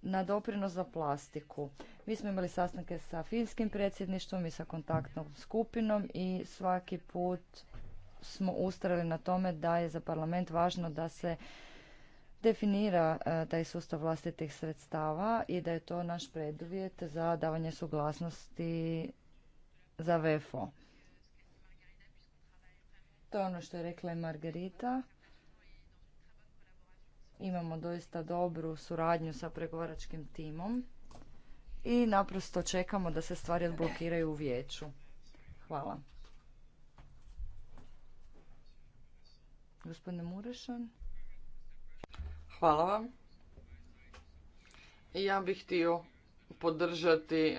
na doprinos za plastiku. Mi smo imali sastanke sa finskim predsjedništvom i sa kontaktnom skupinom i svaki put smo ustrali na tome da je za parlament važno da se definira e, taj sustav vlastitih sredstava i da je to naš preduvjet za davanje suglasnosti za VFO. To je ono što je rekla i Margarita. Imamo doista dobru suradnju sa pregovaračkim timom i naprosto čekamo da se stvari odblokiraju u vijeću. Hvala. Gospodine Murešan. Hvala vam. Ja bih htio podržati e,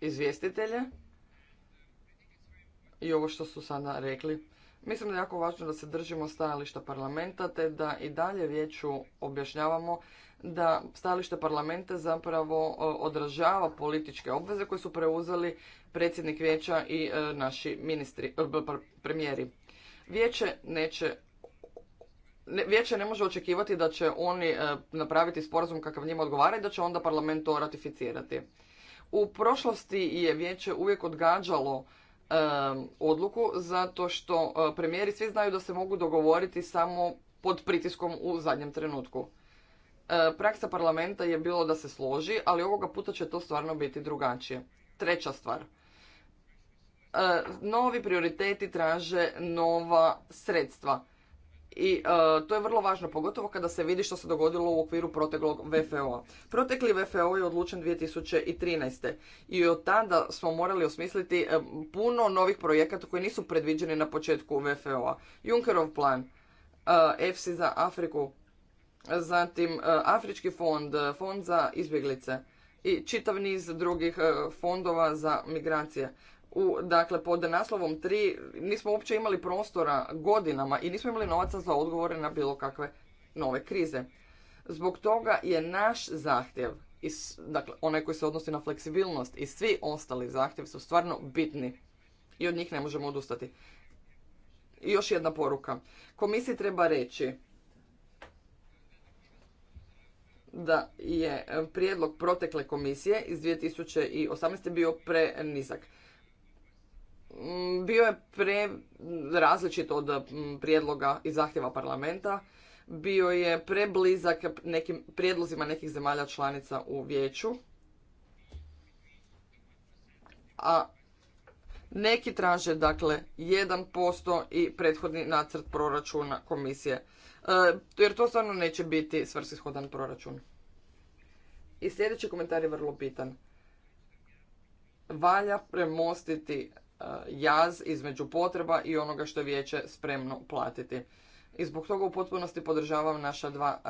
izvjestitelje i ovo što su sada rekli. Mislim da je jako važno da se držimo stajališta parlamenta te da i dalje vijeću objašnjavamo da stajalište parlamenta zapravo e, odražava političke obveze koje su preuzeli predsjednik vijeća i e, naši ministri, premijeri. Vijeće neće vijeće ne može očekivati da će oni e, napraviti sporazum kakav njima odgovara i da će onda parlament to ratificirati. U prošlosti je vijeće uvijek odgađalo e, odluku zato što e, premijeri svi znaju da se mogu dogovoriti samo pod pritiskom u zadnjem trenutku. praksa parlamenta je bilo da se složi, ali ovoga puta će to stvarno biti drugačije. Treća stvar. novi prioriteti traže nova sredstva i e, to je vrlo važno, pogotovo kada se vidi što se dogodilo u okviru proteklog VFO-a. Protekli VFO je odlučen 2013. I od tada smo morali osmisliti e, puno novih projekata koji nisu predviđeni na početku VFO-a. Junkerov plan, e, FC za Afriku, zatim Afrički fond, fond za izbjeglice i čitav niz drugih fondova za migracije u, dakle, pod naslovom 3 nismo uopće imali prostora godinama i nismo imali novaca za odgovore na bilo kakve nove krize. Zbog toga je naš zahtjev, dakle, onaj koji se odnosi na fleksibilnost i svi ostali zahtjevi su stvarno bitni i od njih ne možemo odustati. I još jedna poruka. Komisiji treba reći da je prijedlog protekle komisije iz 2018. bio prenizak. Mm, bio je pre različit od mm, prijedloga i zahtjeva parlamenta, bio je preblizak nekim prijedlozima nekih zemalja članica u vijeću. A neki traže dakle 1% i prethodni nacrt proračuna komisije. E, jer to stvarno neće biti svrsishodan proračun. I sljedeći komentar je vrlo bitan. Valja premostiti jaz između potreba i onoga što je vijeće spremno platiti. I zbog toga u potpunosti podržavam naša dva e,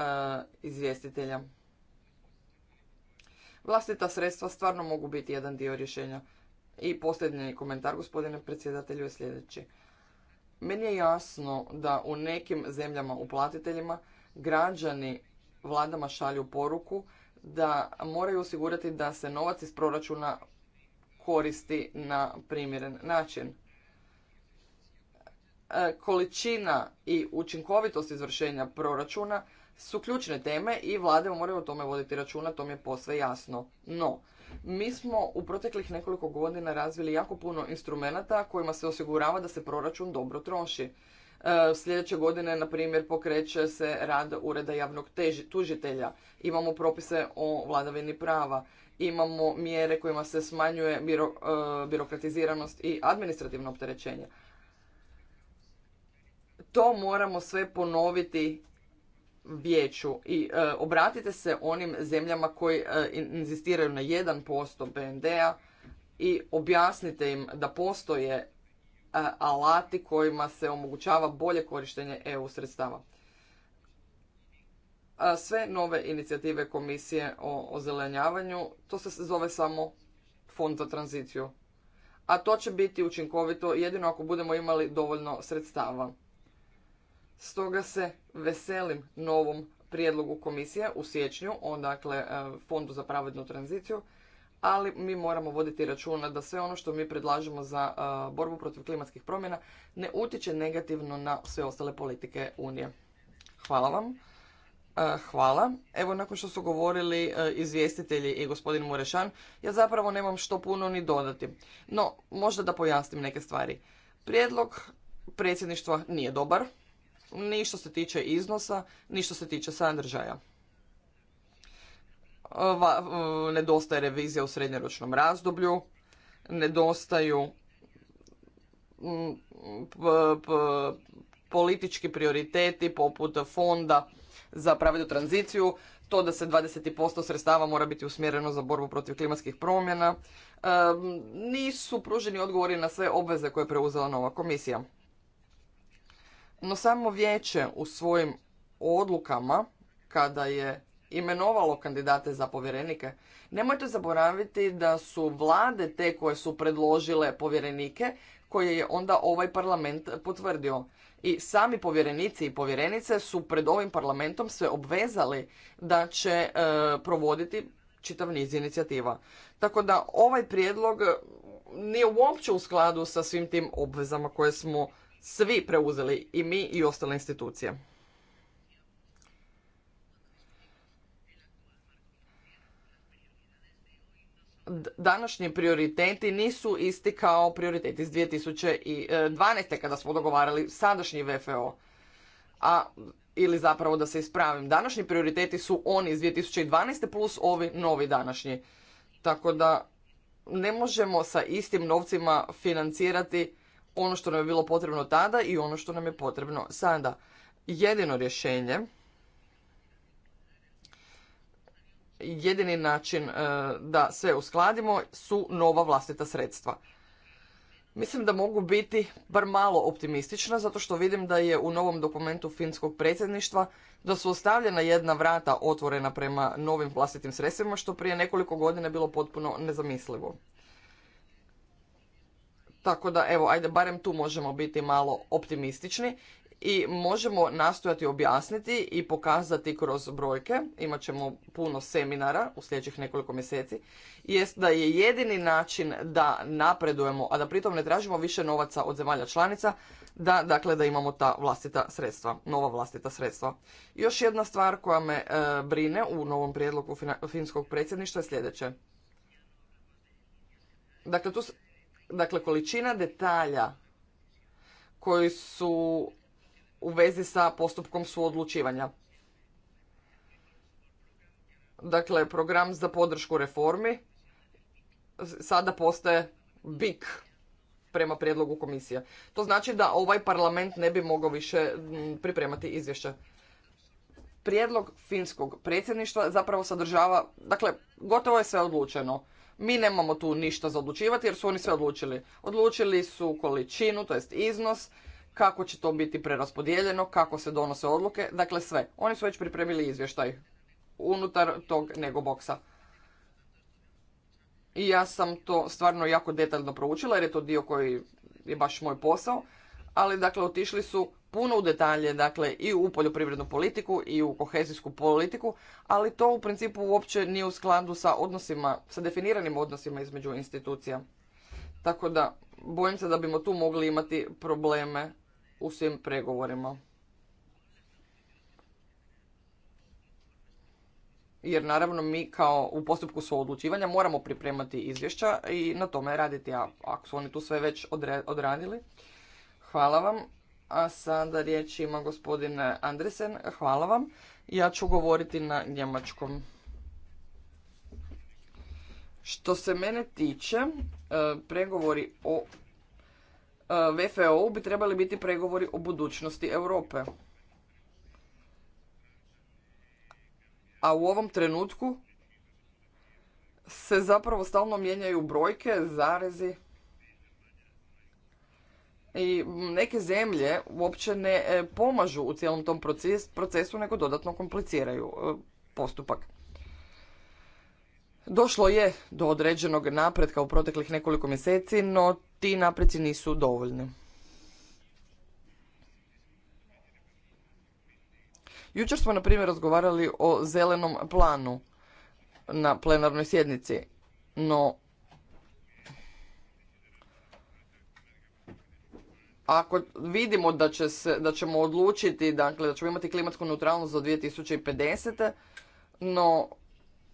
izvjestitelja. Vlastita sredstva stvarno mogu biti jedan dio rješenja. I posljednji komentar, gospodine predsjedatelju, je sljedeći. Meni je jasno da u nekim zemljama uplatiteljima građani vladama šalju poruku da moraju osigurati da se novac iz proračuna koristi na primjeren način. E, količina i učinkovitost izvršenja proračuna su ključne teme i vlade moraju o tome voditi računa, to mi je posve jasno. No, mi smo u proteklih nekoliko godina razvili jako puno instrumenata kojima se osigurava da se proračun dobro troši. E, sljedeće godine, na primjer, pokreće se rad Ureda javnog tužitelja. Imamo propise o vladavini prava. Imamo mjere kojima se smanjuje e, birokratiziranost i administrativno opterećenje. To moramo sve ponoviti vijeću i e, obratite se onim zemljama koji e, inzistiraju na 1% BND-a i objasnite im da postoje E, alati kojima se omogućava bolje korištenje EU sredstava. Sve nove inicijative komisije o ozelenjavanju, to se zove samo fond za tranziciju. A to će biti učinkovito jedino ako budemo imali dovoljno sredstava. Stoga se veselim novom prijedlogu komisije u siječnju, on dakle e, Fondu za pravednu tranziciju, ali mi moramo voditi računa da sve ono što mi predlažemo za borbu protiv klimatskih promjena ne utječe negativno na sve ostale politike Unije. Hvala vam. Hvala. Evo, nakon što su govorili izvjestitelji i gospodin Murešan, ja zapravo nemam što puno ni dodati. No, možda da pojasnim neke stvari. Prijedlog predsjedništva nije dobar, ni što se tiče iznosa, ni što se tiče sadržaja. Mm, nedostaje revizija u srednjoročnom razdoblju, nedostaju mm, politički prioriteti poput fonda za pravednu tranziciju, to da se 20% sredstava mora biti usmjereno za borbu protiv klimatskih promjena, nisu pruženi odgovori na sve obveze koje je preuzela nova komisija. No samo vijeće u svojim odlukama, kada je imenovalo kandidate za povjerenike. Nemojte zaboraviti da su vlade te koje su predložile povjerenike koje je onda ovaj parlament potvrdio. I sami povjerenici i povjerenice su pred ovim parlamentom se obvezali da će e, provoditi čitav niz inicijativa. Tako da ovaj prijedlog nije uopće u skladu sa svim tim obvezama koje smo svi preuzeli i mi i ostale institucije. današnji prioriteti nisu isti kao prioriteti iz 2012. kada smo dogovarali sadašnji VFO. A, ili zapravo da se ispravim, današnji prioriteti su oni iz 2012. plus ovi novi današnji. Tako da ne možemo sa istim novcima financirati ono što nam je bilo potrebno tada i ono što nam je potrebno sada. Jedino rješenje jedini način e, da sve uskladimo su nova vlastita sredstva. Mislim da mogu biti bar malo optimistična zato što vidim da je u novom dokumentu finskog predsjedništva da su ostavljena jedna vrata otvorena prema novim vlastitim sredstvima što prije nekoliko godina bilo potpuno nezamislivo. Tako da evo ajde barem tu možemo biti malo optimistični i možemo nastojati objasniti i pokazati kroz brojke, imat ćemo puno seminara u sljedećih nekoliko mjeseci, jest da je jedini način da napredujemo, a da pritom ne tražimo više novaca od zemalja članica, da, dakle, da imamo ta vlastita sredstva, nova vlastita sredstva. Još jedna stvar koja me e, brine u novom prijedlogu finskog predsjedništva je sljedeće. Dakle, tu, dakle, količina detalja koji su u vezi sa postupkom suodlučivanja. Dakle, program za podršku reformi sada postaje BIK prema prijedlogu komisije. To znači da ovaj parlament ne bi mogao više pripremati izvješće. Prijedlog finskog predsjedništva zapravo sadržava, dakle, gotovo je sve odlučeno. Mi nemamo tu ništa za odlučivati jer su oni sve odlučili. Odlučili su količinu, to jest iznos, kako će to biti preraspodijeljeno, kako se donose odluke, dakle sve. Oni su već pripremili izvještaj unutar tog nego boksa. I ja sam to stvarno jako detaljno proučila jer je to dio koji je baš moj posao, ali dakle otišli su puno u detalje, dakle i u poljoprivrednu politiku i u kohezijsku politiku, ali to u principu uopće nije u skladu sa odnosima, sa definiranim odnosima između institucija. Tako da bojim se da bimo tu mogli imati probleme u svim pregovorima. Jer naravno mi kao u postupku odlučivanja moramo pripremati izvješća i na tome raditi, a ako su oni tu sve već odradili. Hvala vam. A sada riječ ima gospodin Andresen. Hvala vam. Ja ću govoriti na njemačkom. Što se mene tiče, e, pregovori o E, VFO-u bi trebali biti pregovori o budućnosti Europe. A u ovom trenutku se zapravo stalno mijenjaju brojke, zarezi. I neke zemlje uopće ne e, pomažu u cijelom tom procesu, nego dodatno kompliciraju e, postupak. Došlo je do određenog napretka u proteklih nekoliko mjeseci, no ti napreci nisu dovoljni. Jučer smo, na primjer, razgovarali o zelenom planu na plenarnoj sjednici, no ako vidimo da, ćemo odlučiti, dakle, da ćemo imati klimatsku neutralnost za 2050. No,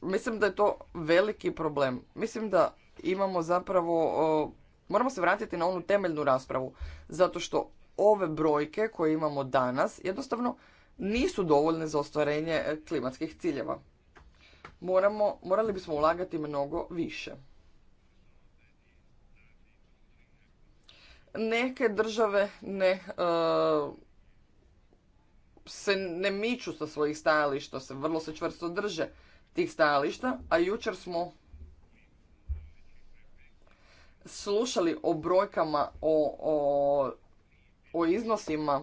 mislim da je to veliki problem. Mislim da imamo zapravo, moramo se vratiti na onu temeljnu raspravu, zato što ove brojke koje imamo danas jednostavno nisu dovoljne za ostvarenje e, klimatskih ciljeva. Moramo, morali bismo ulagati mnogo više. Neke države ne, e, se ne miču sa svojih stajališta, se vrlo se čvrsto drže tih stajališta, a jučer smo slušali o brojkama, o, o, o iznosima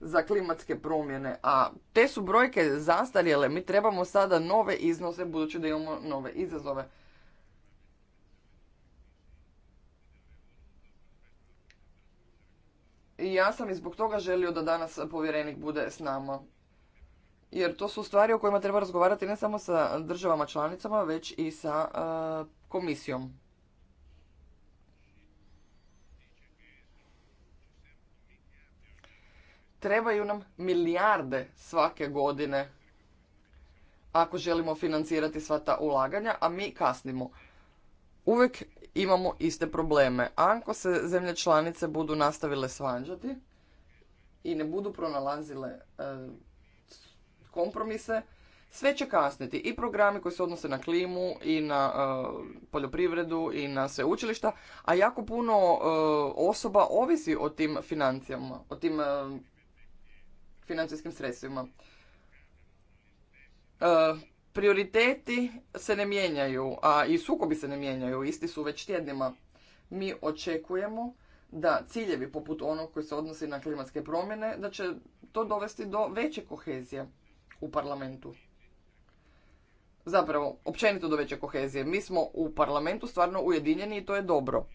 za klimatske promjene, a te su brojke zastarjele. Mi trebamo sada nove iznose, budući da imamo nove izazove. I ja sam i zbog toga želio da danas povjerenik bude s nama jer to su stvari o kojima treba razgovarati ne samo sa državama članicama, već i sa e, komisijom. Trebaju nam milijarde svake godine ako želimo financirati sva ta ulaganja, a mi kasnimo. Uvijek imamo iste probleme. Ako se zemlje članice budu nastavile svanđati i ne budu pronalazile e, kompromise, sve će kasniti. I programi koji se odnose na klimu i na e, poljoprivredu i na sve učilišta, a jako puno e, osoba ovisi o tim financijama, o tim e, financijskim sredstvima. Prioriteti se ne mijenjaju, a i sukobi se ne mijenjaju, isti su već tjednima. Mi očekujemo da ciljevi poput onog koji se odnosi na klimatske promjene, da će to dovesti do veće kohezije u parlamentu. Zapravo, općenito do veće kohezije. Mi smo u parlamentu stvarno ujedinjeni i to je dobro.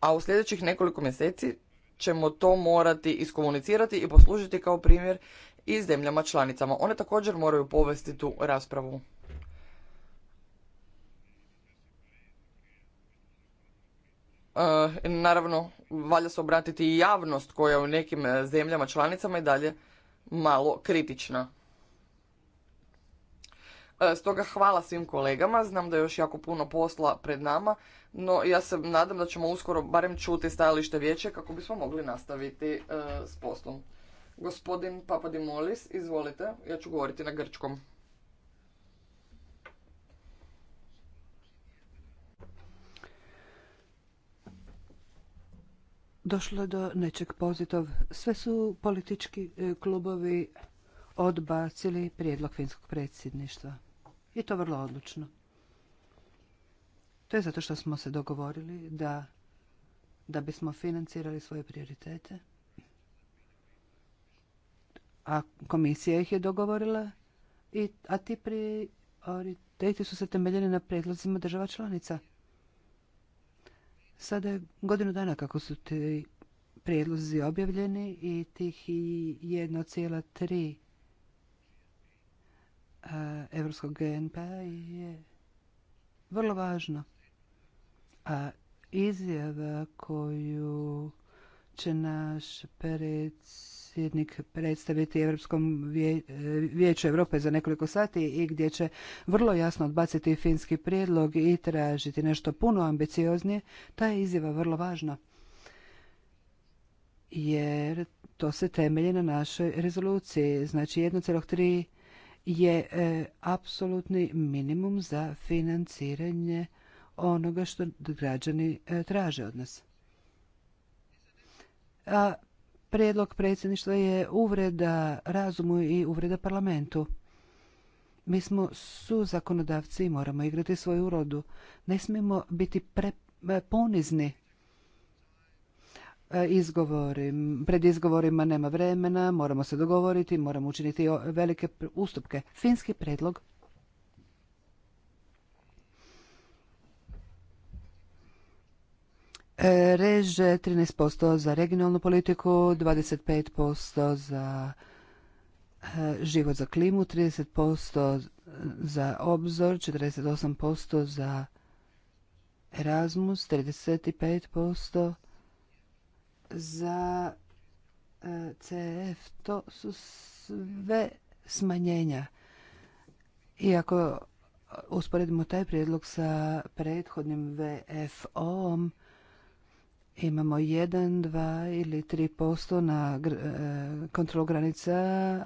A u sljedećih nekoliko mjeseci ćemo to morati iskomunicirati i poslužiti kao primjer i zemljama članicama. One također moraju povesti tu raspravu. E, naravno, valja se obratiti i javnost koja u nekim e, zemljama članicama i dalje malo kritična. E, stoga hvala svim kolegama, znam da je još jako puno posla pred nama, no ja se nadam da ćemo uskoro barem čuti stajalište vijeća kako bismo mogli nastaviti e, s poslom. Gospodin Papadimolis, izvolite, ja ću govoriti na grčkom. došlo je do nečeg pozitov. Sve su politički e, klubovi odbacili prijedlog finskog predsjedništva. I to vrlo odlučno. To je zato što smo se dogovorili da, da bismo financirali svoje prioritete. A komisija ih je dogovorila, i, a ti prioriteti su se temeljeni na prijedlozima država članica. Sada je godinu dana kako su ti prijedlozi objavljeni i tih 1,3 evropskog GNP p-a je vrlo važno. A izjava koju će naš perec predsjednik predstaviti Europskom e, vijeću Europe za nekoliko sati i gdje će vrlo jasno odbaciti finski prijedlog i tražiti nešto puno ambicioznije, ta je izjava vrlo važna. Jer to se temelji na našoj rezoluciji. Znači 1,3 je e, apsolutni minimum za financiranje onoga što građani e, traže od nas. A Prijedlog predsjedništva je uvreda razumu i uvreda parlamentu. Mi smo su zakonodavci i moramo igrati svoju urodu. Ne smijemo biti pre, e, ponizni e, izgovori. Pred izgovorima nema vremena, moramo se dogovoriti, moramo učiniti velike ustupke. Finski predlog reže 13% za regionalnu politiku, 25% za eh, život za klimu, 30% za obzor, 48% za Erasmus, 35% za eh, CF. E to su sve smanjenja. Iako usporedimo taj prijedlog sa prethodnim VFO-om, Imamo 1, 2 ili 3% na e, kontrolu granica,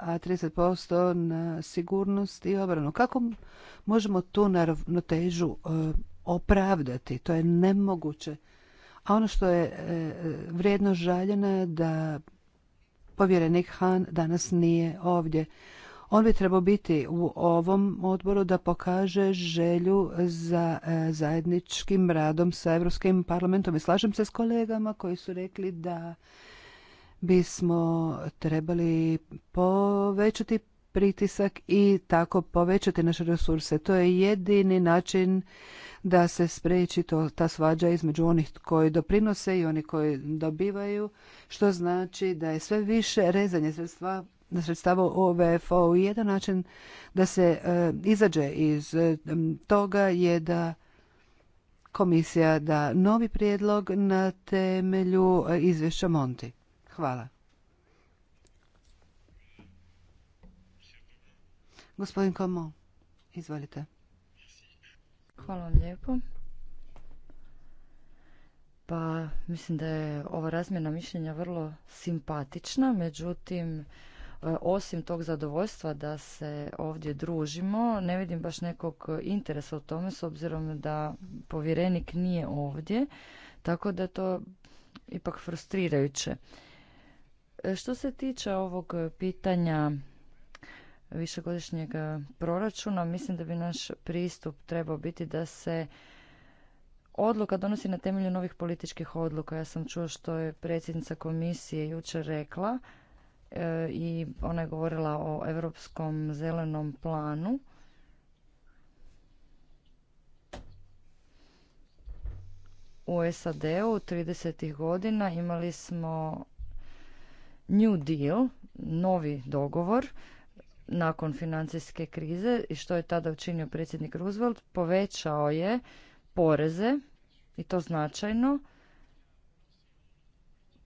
a 30% na sigurnost i obranu. Kako možemo tu neravnotežu e, opravdati? To je nemoguće. A ono što je e, vrijedno žaljena je da povjerenik Han danas nije ovdje. On bi trebao biti u ovom odboru da pokaže želju za e, zajedničkim radom sa Europskim parlamentom. I slažem se s kolegama koji su rekli da bismo trebali povećati pritisak i tako povećati naše resurse. To je jedini način da se spreči to, ta svađa između onih koji doprinose i oni koji dobivaju, što znači da je sve više rezanje sredstva sredstava u ovfo I jedan način da se e, izađe iz e, toga je da komisija da novi prijedlog na temelju e, izvješća Monti. Hvala. Gospodin Komo, izvolite. Hvala vam lijepo. Pa mislim da je ova razmjena mišljenja vrlo simpatična, međutim E, osim tog zadovoljstva da se ovdje družimo, ne vidim baš nekog interesa u tome s obzirom da povjerenik nije ovdje, tako da je to ipak frustrirajuće. E, što se tiče ovog pitanja višegodišnjeg proračuna, mislim da bi naš pristup trebao biti da se odluka donosi na temelju novih političkih odluka. Ja sam čuo što je predsjednica komisije jučer rekla, E, i ona je govorila o europskom zelenom planu. U SAD-u 30. godina imali smo New Deal, novi dogovor, nakon financijske krize i što je tada učinio predsjednik Roosevelt, povećao je poreze i to značajno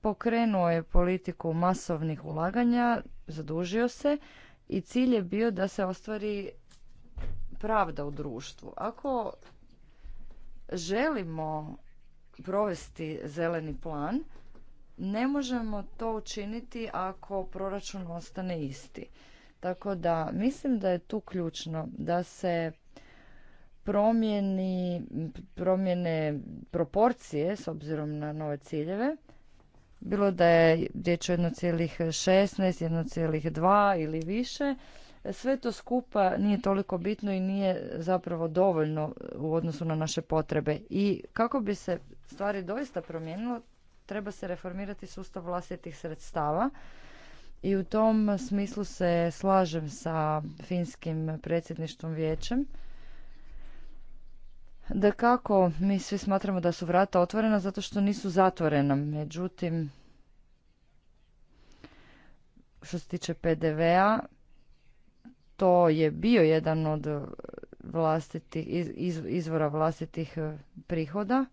pokrenuo je politiku masovnih ulaganja, zadužio se i cilj je bio da se ostvari pravda u društvu. Ako želimo provesti zeleni plan, ne možemo to učiniti ako proračun ostane isti. Tako da mislim da je tu ključno da se promijeni, promjene proporcije s obzirom na nove ciljeve bilo da je riječ o 1,16, 1,2 ili više, sve to skupa nije toliko bitno i nije zapravo dovoljno u odnosu na naše potrebe. I kako bi se stvari doista promijenilo, treba se reformirati sustav vlastitih sredstava. I u tom smislu se slažem sa finskim predsjedništvom vijećem da kako, mi svi smatramo da su vrata otvorena zato što nisu zatvorena. Međutim, što se tiče PDV-a, to je bio jedan od vlastitih izvora vlastitih e, prihoda.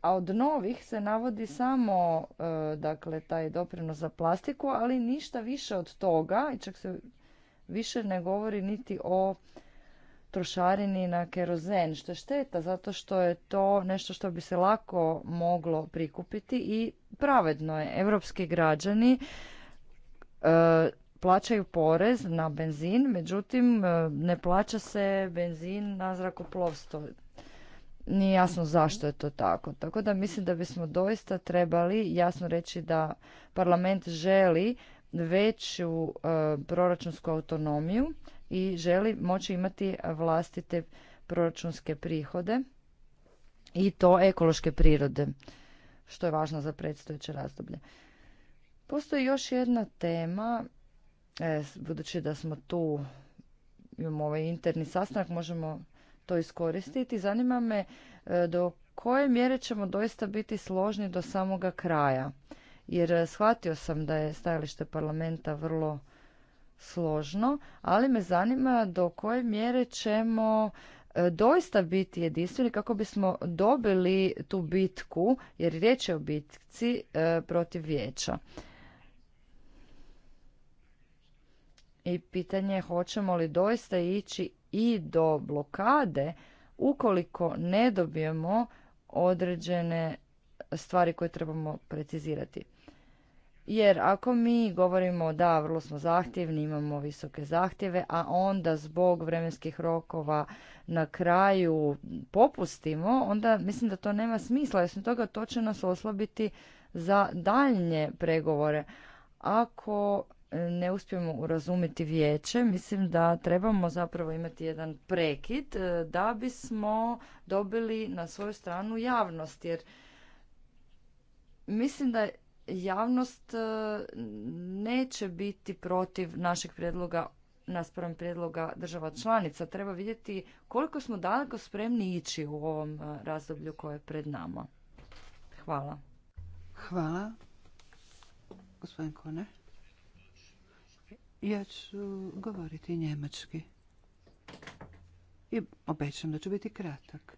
A od novih se navodi samo e, dakle, taj doprinos za plastiku, ali ništa više od toga, i čak se više ne govori niti o trošarini na kerozen, što je šteta, zato što je to nešto što bi se lako moglo prikupiti i pravedno je. Europski građani e, plaćaju porez na benzin, međutim e, ne plaća se benzin na zrakoplovstvo. Nije jasno zašto je to tako. Tako da mislim da bismo doista trebali jasno reći da parlament želi veću e, proračunsku autonomiju i želi moći imati vlastite proračunske prihode i to ekološke prirode, što je važno za predstojeće razdoblje. Postoji još jedna tema, e, budući da smo tu, imamo ovaj interni sastanak, možemo to iskoristiti. Zanima me e, do koje mjere ćemo doista biti složni do samoga kraja. Jer shvatio sam da je stajalište parlamenta vrlo složno, ali me zanima do koje mjere ćemo e, doista biti jedinstveni kako bismo dobili tu bitku, jer riječ je o bitci e, protiv vijeća. I pitanje je hoćemo li doista ići i do blokade ukoliko ne dobijemo određene stvari koje trebamo precizirati. Jer ako mi govorimo da vrlo smo zahtjevni, imamo visoke zahtjeve, a onda zbog vremenskih rokova na kraju popustimo, onda mislim da to nema smisla. Osim toga, to će nas oslabiti za daljnje pregovore. Ako e, ne uspijemo urazumiti vijeće, mislim da trebamo zapravo imati jedan prekid e, da bismo dobili na svoju stranu javnost. Jer mislim da javnost e, neće biti protiv našeg prijedloga naspram prijedloga država članica. Treba vidjeti koliko smo daleko spremni ići u ovom e, razdoblju koje je pred nama. Hvala. Hvala. Gospodin Kone. Ja ću govoriti njemački. I obećam da ću biti kratak.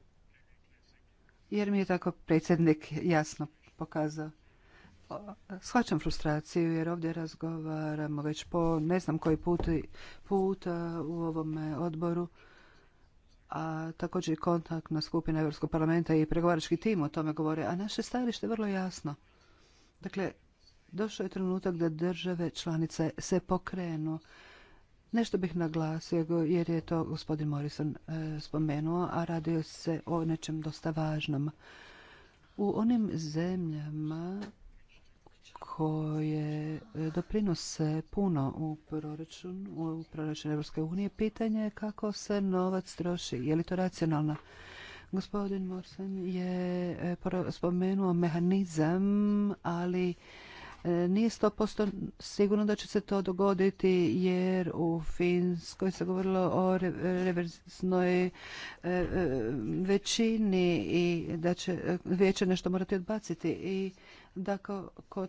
Jer mi je tako predsjednik jasno pokazao shvaćam frustraciju jer ovdje razgovaramo već po ne znam koji put, puta u ovome odboru a također i kontaktna skupina Europskog parlamenta i pregovarački tim o tome govore, a naše stajalište je vrlo jasno. Dakle, došao je trenutak da države članice se pokrenu. Nešto bih naglasio jer je to gospodin Morrison e, spomenuo, a radio se o nečem dosta važnom. U onim zemljama koje e, doprinose puno u proračun, u Europske unije. Pitanje je kako se novac troši. Je li to racionalno? Gospodin Morsen je e, spomenuo mehanizam, ali e, nije 100% sigurno da će se to dogoditi jer u Finskoj se govorilo o reverznoj većini i da će vijeće nešto morati odbaciti i Dakle,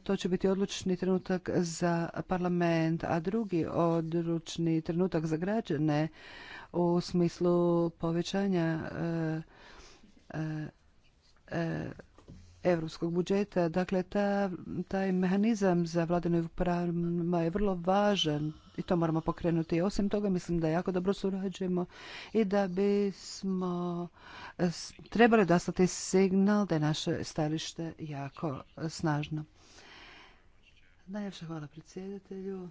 to će biti odlučni trenutak za parlament, a drugi odlučni trenutak za građane u smislu povećanja e, e, e europskog budžeta. Dakle, taj mehanizam za vladinu pravima je vrlo važan i to moramo pokrenuti. Osim toga, mislim da jako dobro surađujemo i da bismo trebali dostati signal da je naše stajalište jako snažno. Najljepša hvala predsjedatelju.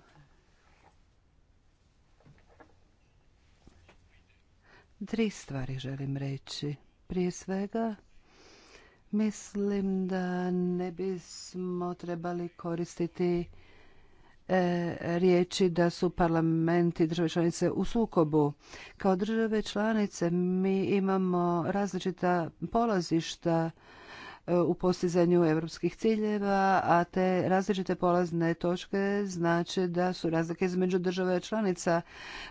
Tri stvari želim reći. Prije svega, Mislim da ne bismo trebali koristiti e, riječi da su parlamenti države članice u sukobu. Kao države članice mi imamo različita polazišta E, u postizanju europskih ciljeva, a te različite polazne točke znači da su razlike između države članica.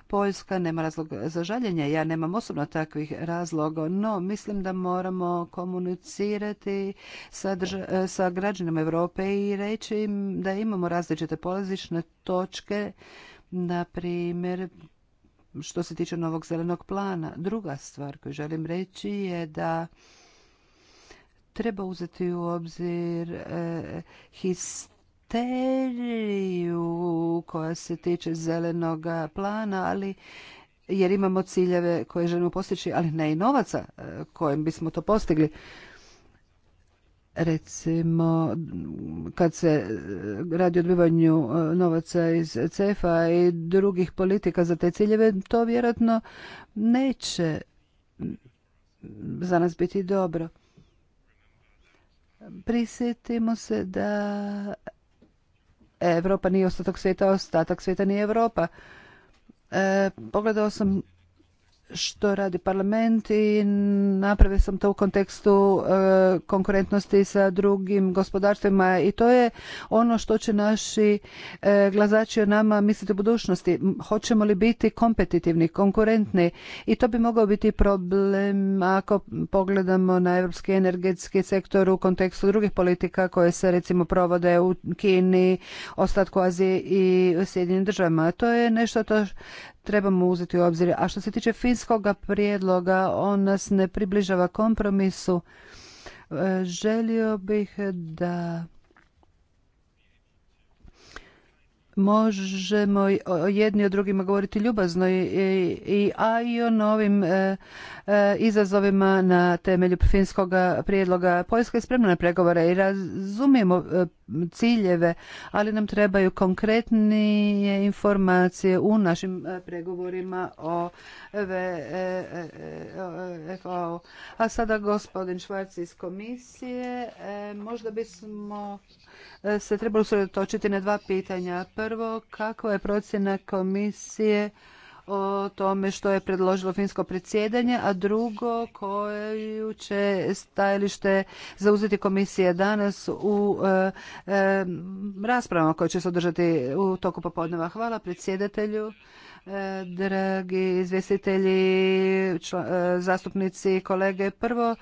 Poljska nema razlog za žaljenje, ja nemam osobno takvih razloga, no mislim da moramo komunicirati sa, e, sa građanima Europe i reći im da imamo različite polazične točke, na primjer što se tiče novog zelenog plana. Druga stvar koju želim reći je da treba uzeti u obzir e, histeriju koja se tiče zelenoga plana, ali jer imamo ciljeve koje želimo postići, ali ne i novaca e, kojim bismo to postigli. Recimo, kad se e, radi o odbivanju novaca iz CEFA i drugih politika za te ciljeve, to vjerojatno neće za nas biti dobro prisjetimo se da Europa nije ostatak svijeta, ostatak svijeta nije Europa. E, pogledao sam što radi parlament i napravio sam to u kontekstu e, konkurentnosti sa drugim gospodarstvima i to je ono što će naši e, glazači o nama misliti u budućnosti. Hoćemo li biti kompetitivni, konkurentni i to bi mogao biti problem ako pogledamo na europski energetski sektor u kontekstu drugih politika koje se recimo provode u Kini, ostatku Azije i Sjedinim državama. To je nešto to trebamo uzeti u obzir. A što se tiče finskog prijedloga, on nas ne približava kompromisu. E, želio bih da možemo jedni o drugima govoriti ljubazno i a i o novim e, e, izazovima na temelju finskog prijedloga Poljska je spremna na pregovore i razumijemo e, ciljeve, ali nam trebaju konkretnije informacije u našim pregovorima o A sada gospodin Švarci iz komisije, možda bismo E, se treba usredotočiti na dva pitanja. Prvo, kakva je procjena komisije o tome što je predložilo finsko predsjedanje, a drugo koju će stajalište zauzeti komisije danas u e, e, raspravama koje će se održati u toku popodneva. Hvala predsjedatelju dragi izvjestitelji, e, zastupnici i kolege. Prvo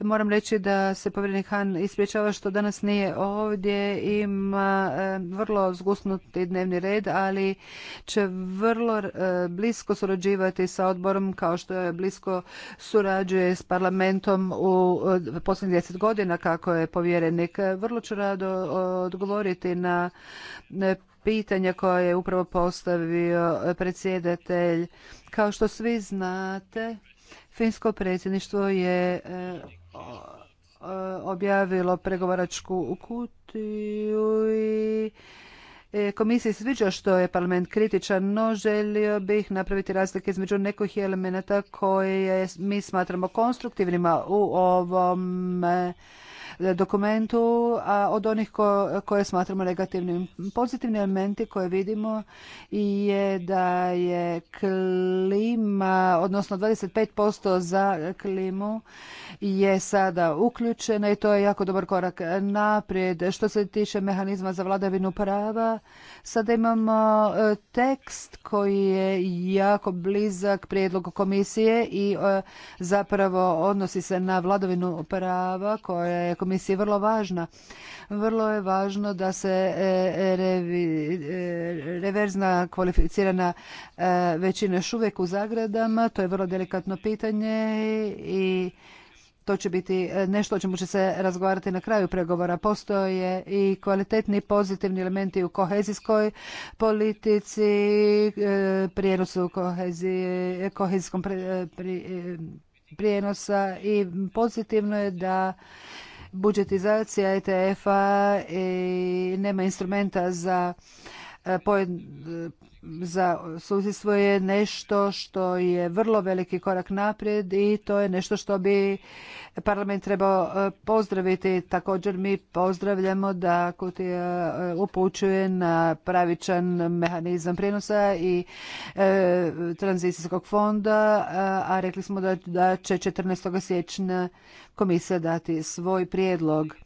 moram reći da se povjerenik Han ispričava što danas nije ovdje. Ima e, vrlo zgusnuti dnevni red, ali će vrlo e, blisko surađivati sa odborom kao što je blisko surađuje s parlamentom u posljednjih deset godina kako je povjerenik. Vrlo ću rado odgovoriti na pitanja koje je upravo postavio predsjedatelj. Kao što svi znate, finsko predsjedništvo je eh, objavilo pregovaračku kutiju i eh, Komisiji sviđa što je parlament kritičan, no želio bih napraviti razlike između nekih elemenata koje mi smatramo konstruktivnima u ovom eh, dokumentu, a od onih koje smatramo negativnim. Pozitivni elementi koje vidimo je da je klima, odnosno 25% za klimu je sada uključena i to je jako dobar korak naprijed. Što se tiče mehanizma za vladavinu prava, sada imamo e, tekst koji je jako blizak prijedlogu komisije i e, zapravo odnosi se na vladavinu prava koja je komisije vrlo važna. Vrlo je važno da se e, e, e, reverzna kvalificirana većina još uvijek u zagradama. To je vrlo delikatno pitanje i to će biti nešto o čemu će se razgovarati na kraju pregovora. Postoje i kvalitetni pozitivni elementi u kohezijskoj politici, prijenosu kohezije, kohezijskom prijenosa i pozitivno je da budžetizacija ETF-a i nema instrumenta za e, za susjedstvo je nešto što je vrlo veliki korak naprijed i to je nešto što bi parlament trebao e, pozdraviti. Također mi pozdravljamo da Kutija e, upućuje na pravičan mehanizam prijenosa i e, tranzicijskog fonda, a rekli smo da, da će 14. siječnja komisija dati svoj prijedlog.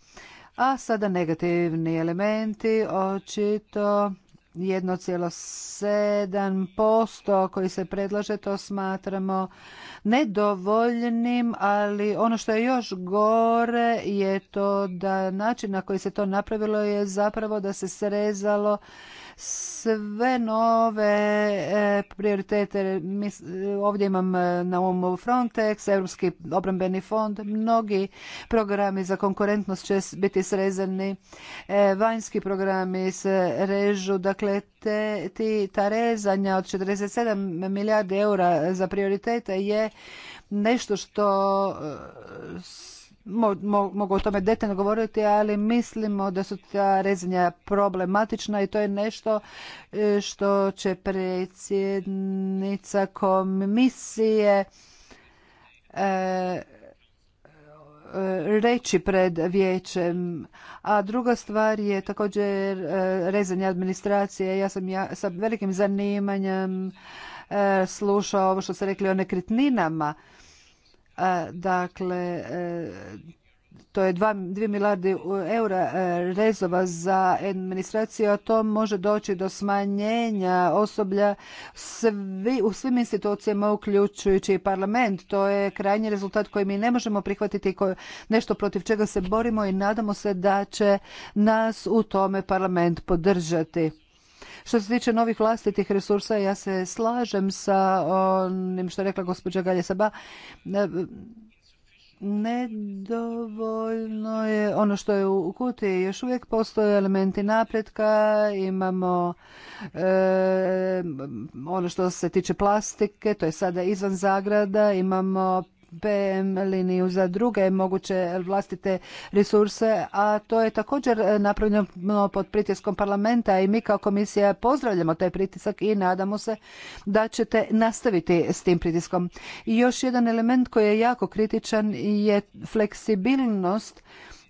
A sada negativni elementi, očito 1,7% koji se predlaže, to smatramo nedovoljnim, ali ono što je još gore je to da način na koji se to napravilo je zapravo da se srezalo sve nove e, prioritete. Ovdje imam e, na umu Frontex, Europski obrambeni fond, mnogi programi za konkurentnost će biti srezani, e, vanjski programi se režu, dakle te, ti, ta rezanja od 47 milijardi eura za prioritete je nešto što mogu o tome detaljno govoriti, ali mislimo da su ta rezanja problematična i to je nešto e, što će predsjednica komisije e, e, reći pred vijećem. A druga stvar je također rezanje administracije. Ja sam ja, sa velikim zanimanjem slušao ovo što ste rekli o nekretninama. Dakle, e, to je 2 milijarde eura e, rezova za administraciju, a to može doći do smanjenja osoblja u svim institucijama, uključujući i parlament. To je krajnji rezultat koji mi ne možemo prihvatiti, koje, nešto protiv čega se borimo i nadamo se da će nas u tome parlament podržati. Što se tiče novih vlastitih resursa, ja se slažem sa onim što je rekla gospođa Saba. Nedovoljno je ono što je u kutiji. Još uvijek postoje elementi napretka, imamo e, ono što se tiče plastike, to je sada izvan zagrada, imamo PM liniju za druge moguće vlastite resurse, a to je također e, napravljeno pod pritiskom parlamenta i mi kao komisija pozdravljamo taj pritisak i nadamo se da ćete nastaviti s tim pritiskom. I još jedan element koji je jako kritičan je fleksibilnost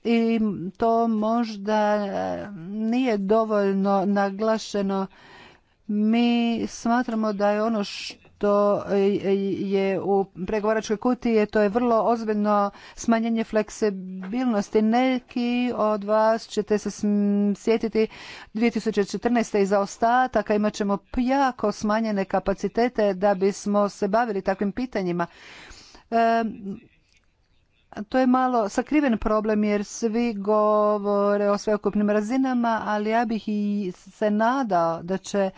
i to možda e, nije dovoljno naglašeno mi smatramo da je ono što to e, e, je u pregovaračkoj kutiji, to je vrlo ozbiljno smanjenje fleksibilnosti. Neki od vas ćete se sjetiti 2014. i za ostataka imat ćemo jako smanjene kapacitete da bismo se bavili takvim pitanjima. E, to je malo sakriven problem jer svi govore o sveukupnim razinama, ali ja bih i se nadao da će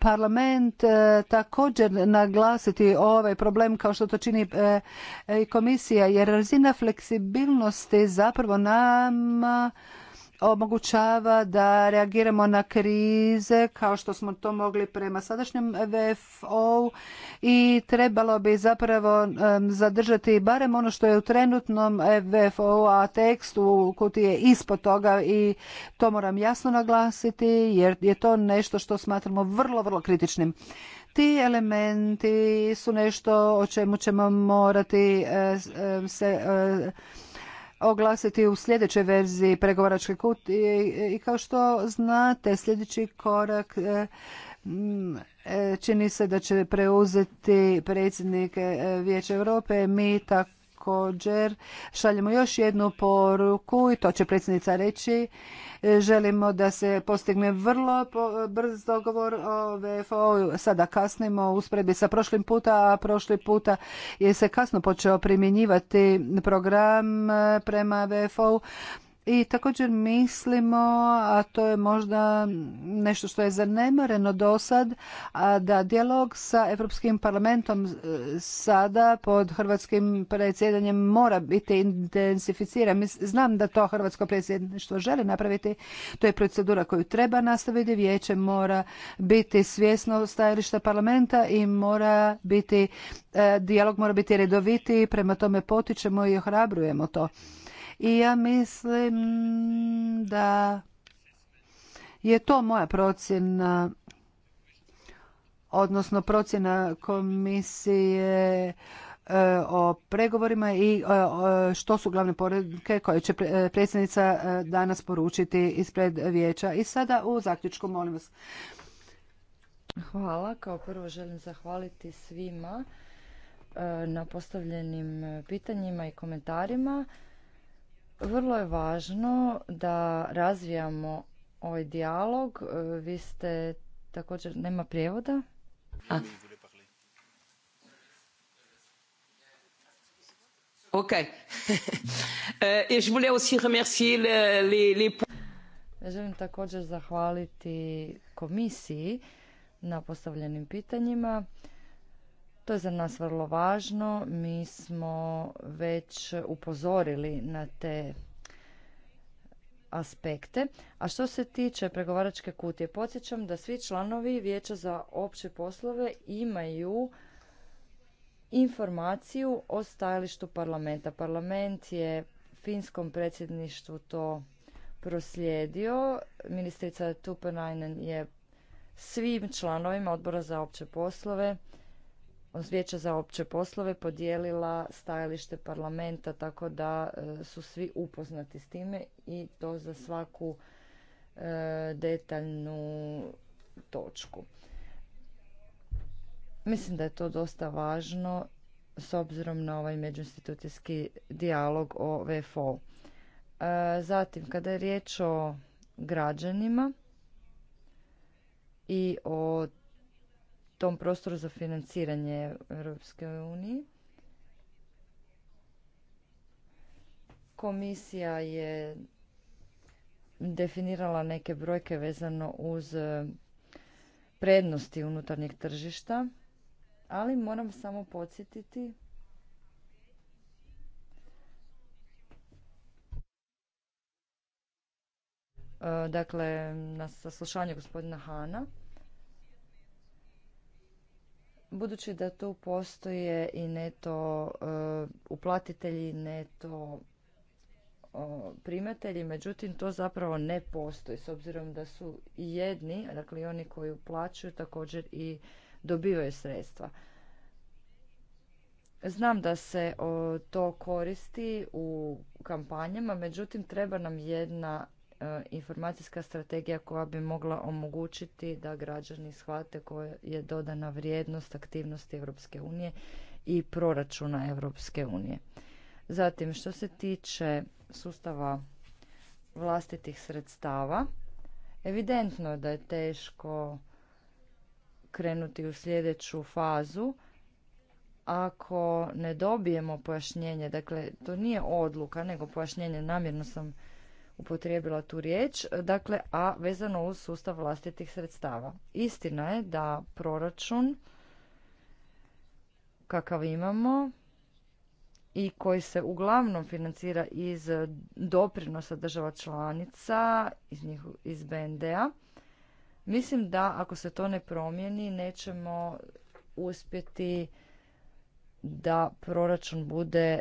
parlament e, također naglasiti ovaj problem kao što to čini e, e, i komisija jer razina fleksibilnosti zapravo nama omogućava da reagiramo na krize kao što smo to mogli prema sadašnjem VFO i trebalo bi zapravo zadržati barem ono što je u trenutnom VFO a tekst u kutiji je ispod toga i to moram jasno naglasiti jer je to nešto što smatramo vrlo, vrlo kritičnim. Ti elementi su nešto o čemu ćemo morati se oglasiti u sljedećoj verziji pregovaračke kutije i kao što znate sljedeći korak e, e, čini se da će preuzeti predsjednik e, Vijeća Europe. Mi tako također šaljemo još jednu poruku i to će predsjednica reći. E, želimo da se postigne vrlo brz dogovor o VFO. Sada kasnimo u usporedbi sa prošlim puta, a prošli puta je se kasno počeo primjenjivati program e, prema VFO. -u i također mislimo, a to je možda nešto što je zanemareno do sad, a da dijalog sa Europskim parlamentom e, sada pod hrvatskim predsjedanjem mora biti intensificiran. Znam da to hrvatsko predsjedništvo želi napraviti. To je procedura koju treba nastaviti. Vijeće mora biti svjesno stajališta parlamenta i mora biti, e, dijalog mora biti redovitiji. Prema tome potičemo i ohrabrujemo to. I ja mislim da je to moja procjena odnosno procjena komisije e, o pregovorima i e, što su glavne poruke koje će e, predsjednica danas poručiti ispred vijeća. I sada u zaključku molim vas. Hvala. Kao prvo želim zahvaliti svima na postavljenim pitanjima i komentarima. Vrlo je važno da razvijamo ovaj dijalog. E, vi ste također, nema prijevoda? A. Ok. E, je voulais aussi remercier les, Želim također zahvaliti komisiji na postavljenim pitanjima. To je za nas vrlo važno. Mi smo već upozorili na te aspekte. A što se tiče pregovaračke kutije, podsjećam da svi članovi Vijeća za opće poslove imaju informaciju o stajalištu parlamenta. Parlament je finskom predsjedništvu to proslijedio. Ministrica Tupenainen je svim članovima odbora za opće poslove Vijeća za opće poslove podijelila stajalište parlamenta tako da e, su svi upoznati s time i to za svaku e, detaljnu točku. Mislim da je to dosta važno s obzirom na ovaj međuinstitucijski dijalog o VFO. E, zatim, kada je riječ o građanima i o tom prostoru za financiranje Europske unije. Komisija je definirala neke brojke vezano uz e, prednosti unutarnjeg tržišta, ali moram samo podsjetiti e, dakle na saslušanje gospodina Hana Budući da tu postoje i neto e, uplatitelji, neto primatelji, međutim to zapravo ne postoji s obzirom da su jedni, dakle i oni koji uplaćuju također i dobivaju sredstva. Znam da se to koristi u kampanjama, međutim treba nam jedna E, informacijska strategija koja bi mogla omogućiti da građani shvate koja je dodana vrijednost aktivnosti Europske unije i proračuna Europske unije. Zatim, što se tiče sustava vlastitih sredstava, evidentno je da je teško krenuti u sljedeću fazu ako ne dobijemo pojašnjenje. Dakle, to nije odluka, nego pojašnjenje. Namjerno sam upotrijebila tu riječ, dakle, a vezano uz sustav vlastitih sredstava. Istina je da proračun kakav imamo i koji se uglavnom financira iz doprinosa država članica, iz, njih, iz BND-a, mislim da ako se to ne promijeni nećemo uspjeti da proračun bude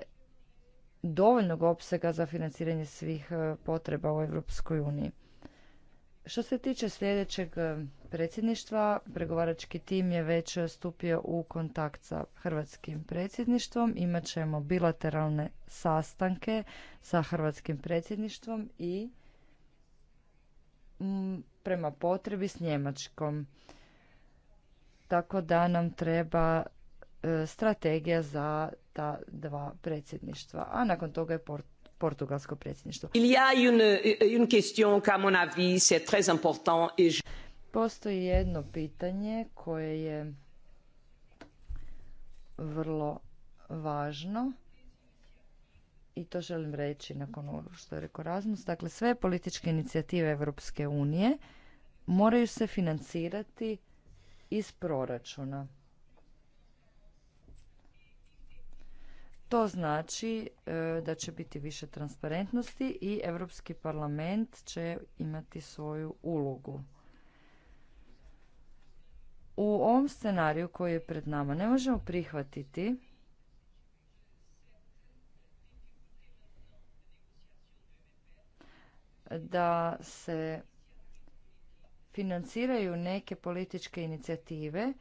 dovoljnog opsega za financiranje svih e, potreba u Europskoj uniji. Što se tiče sljedećeg e, predsjedništva, pregovarački tim je već stupio u kontakt sa hrvatskim predsjedništvom. Imat ćemo bilateralne sastanke sa hrvatskim predsjedništvom i prema potrebi s Njemačkom. Tako da nam treba e, strategija za dva predsjedništva, a nakon toga je portugalsko predsjedništvo. Il y a une, question qu'à mon avis c'est très important et je... Postoji jedno pitanje koje je vrlo važno i to želim reći nakon ovo što je rekao Razmus. Dakle, sve političke inicijative Europske unije moraju se financirati iz proračuna. To znači e, da će biti više transparentnosti i Europski parlament će imati svoju ulogu. U ovom scenariju koji je pred nama ne možemo prihvatiti da se financiraju neke političke inicijative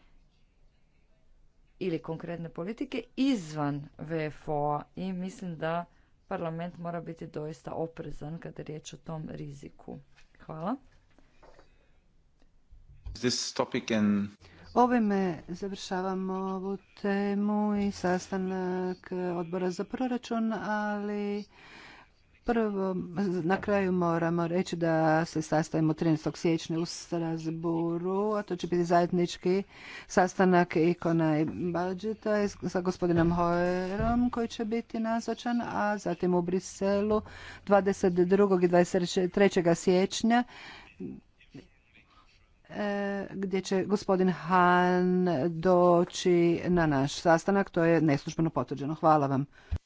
ili konkretne politike izvan VFO-a i mislim da parlament mora biti doista oprezan kada je riječ o tom riziku. Hvala. This topic and... Ovime završavamo ovu temu i sastanak odbora za proračun, ali prvo, na kraju moramo reći da se sastajemo 13. siječnja u Strasburu, a to će biti zajednički sastanak ikona i budžeta sa gospodinom Hoerom koji će biti nazočan, a zatim u Briselu 22. i 23. siječnja e, gdje će gospodin Han doći na naš sastanak. To je neslužbeno potvrđeno. Hvala vam.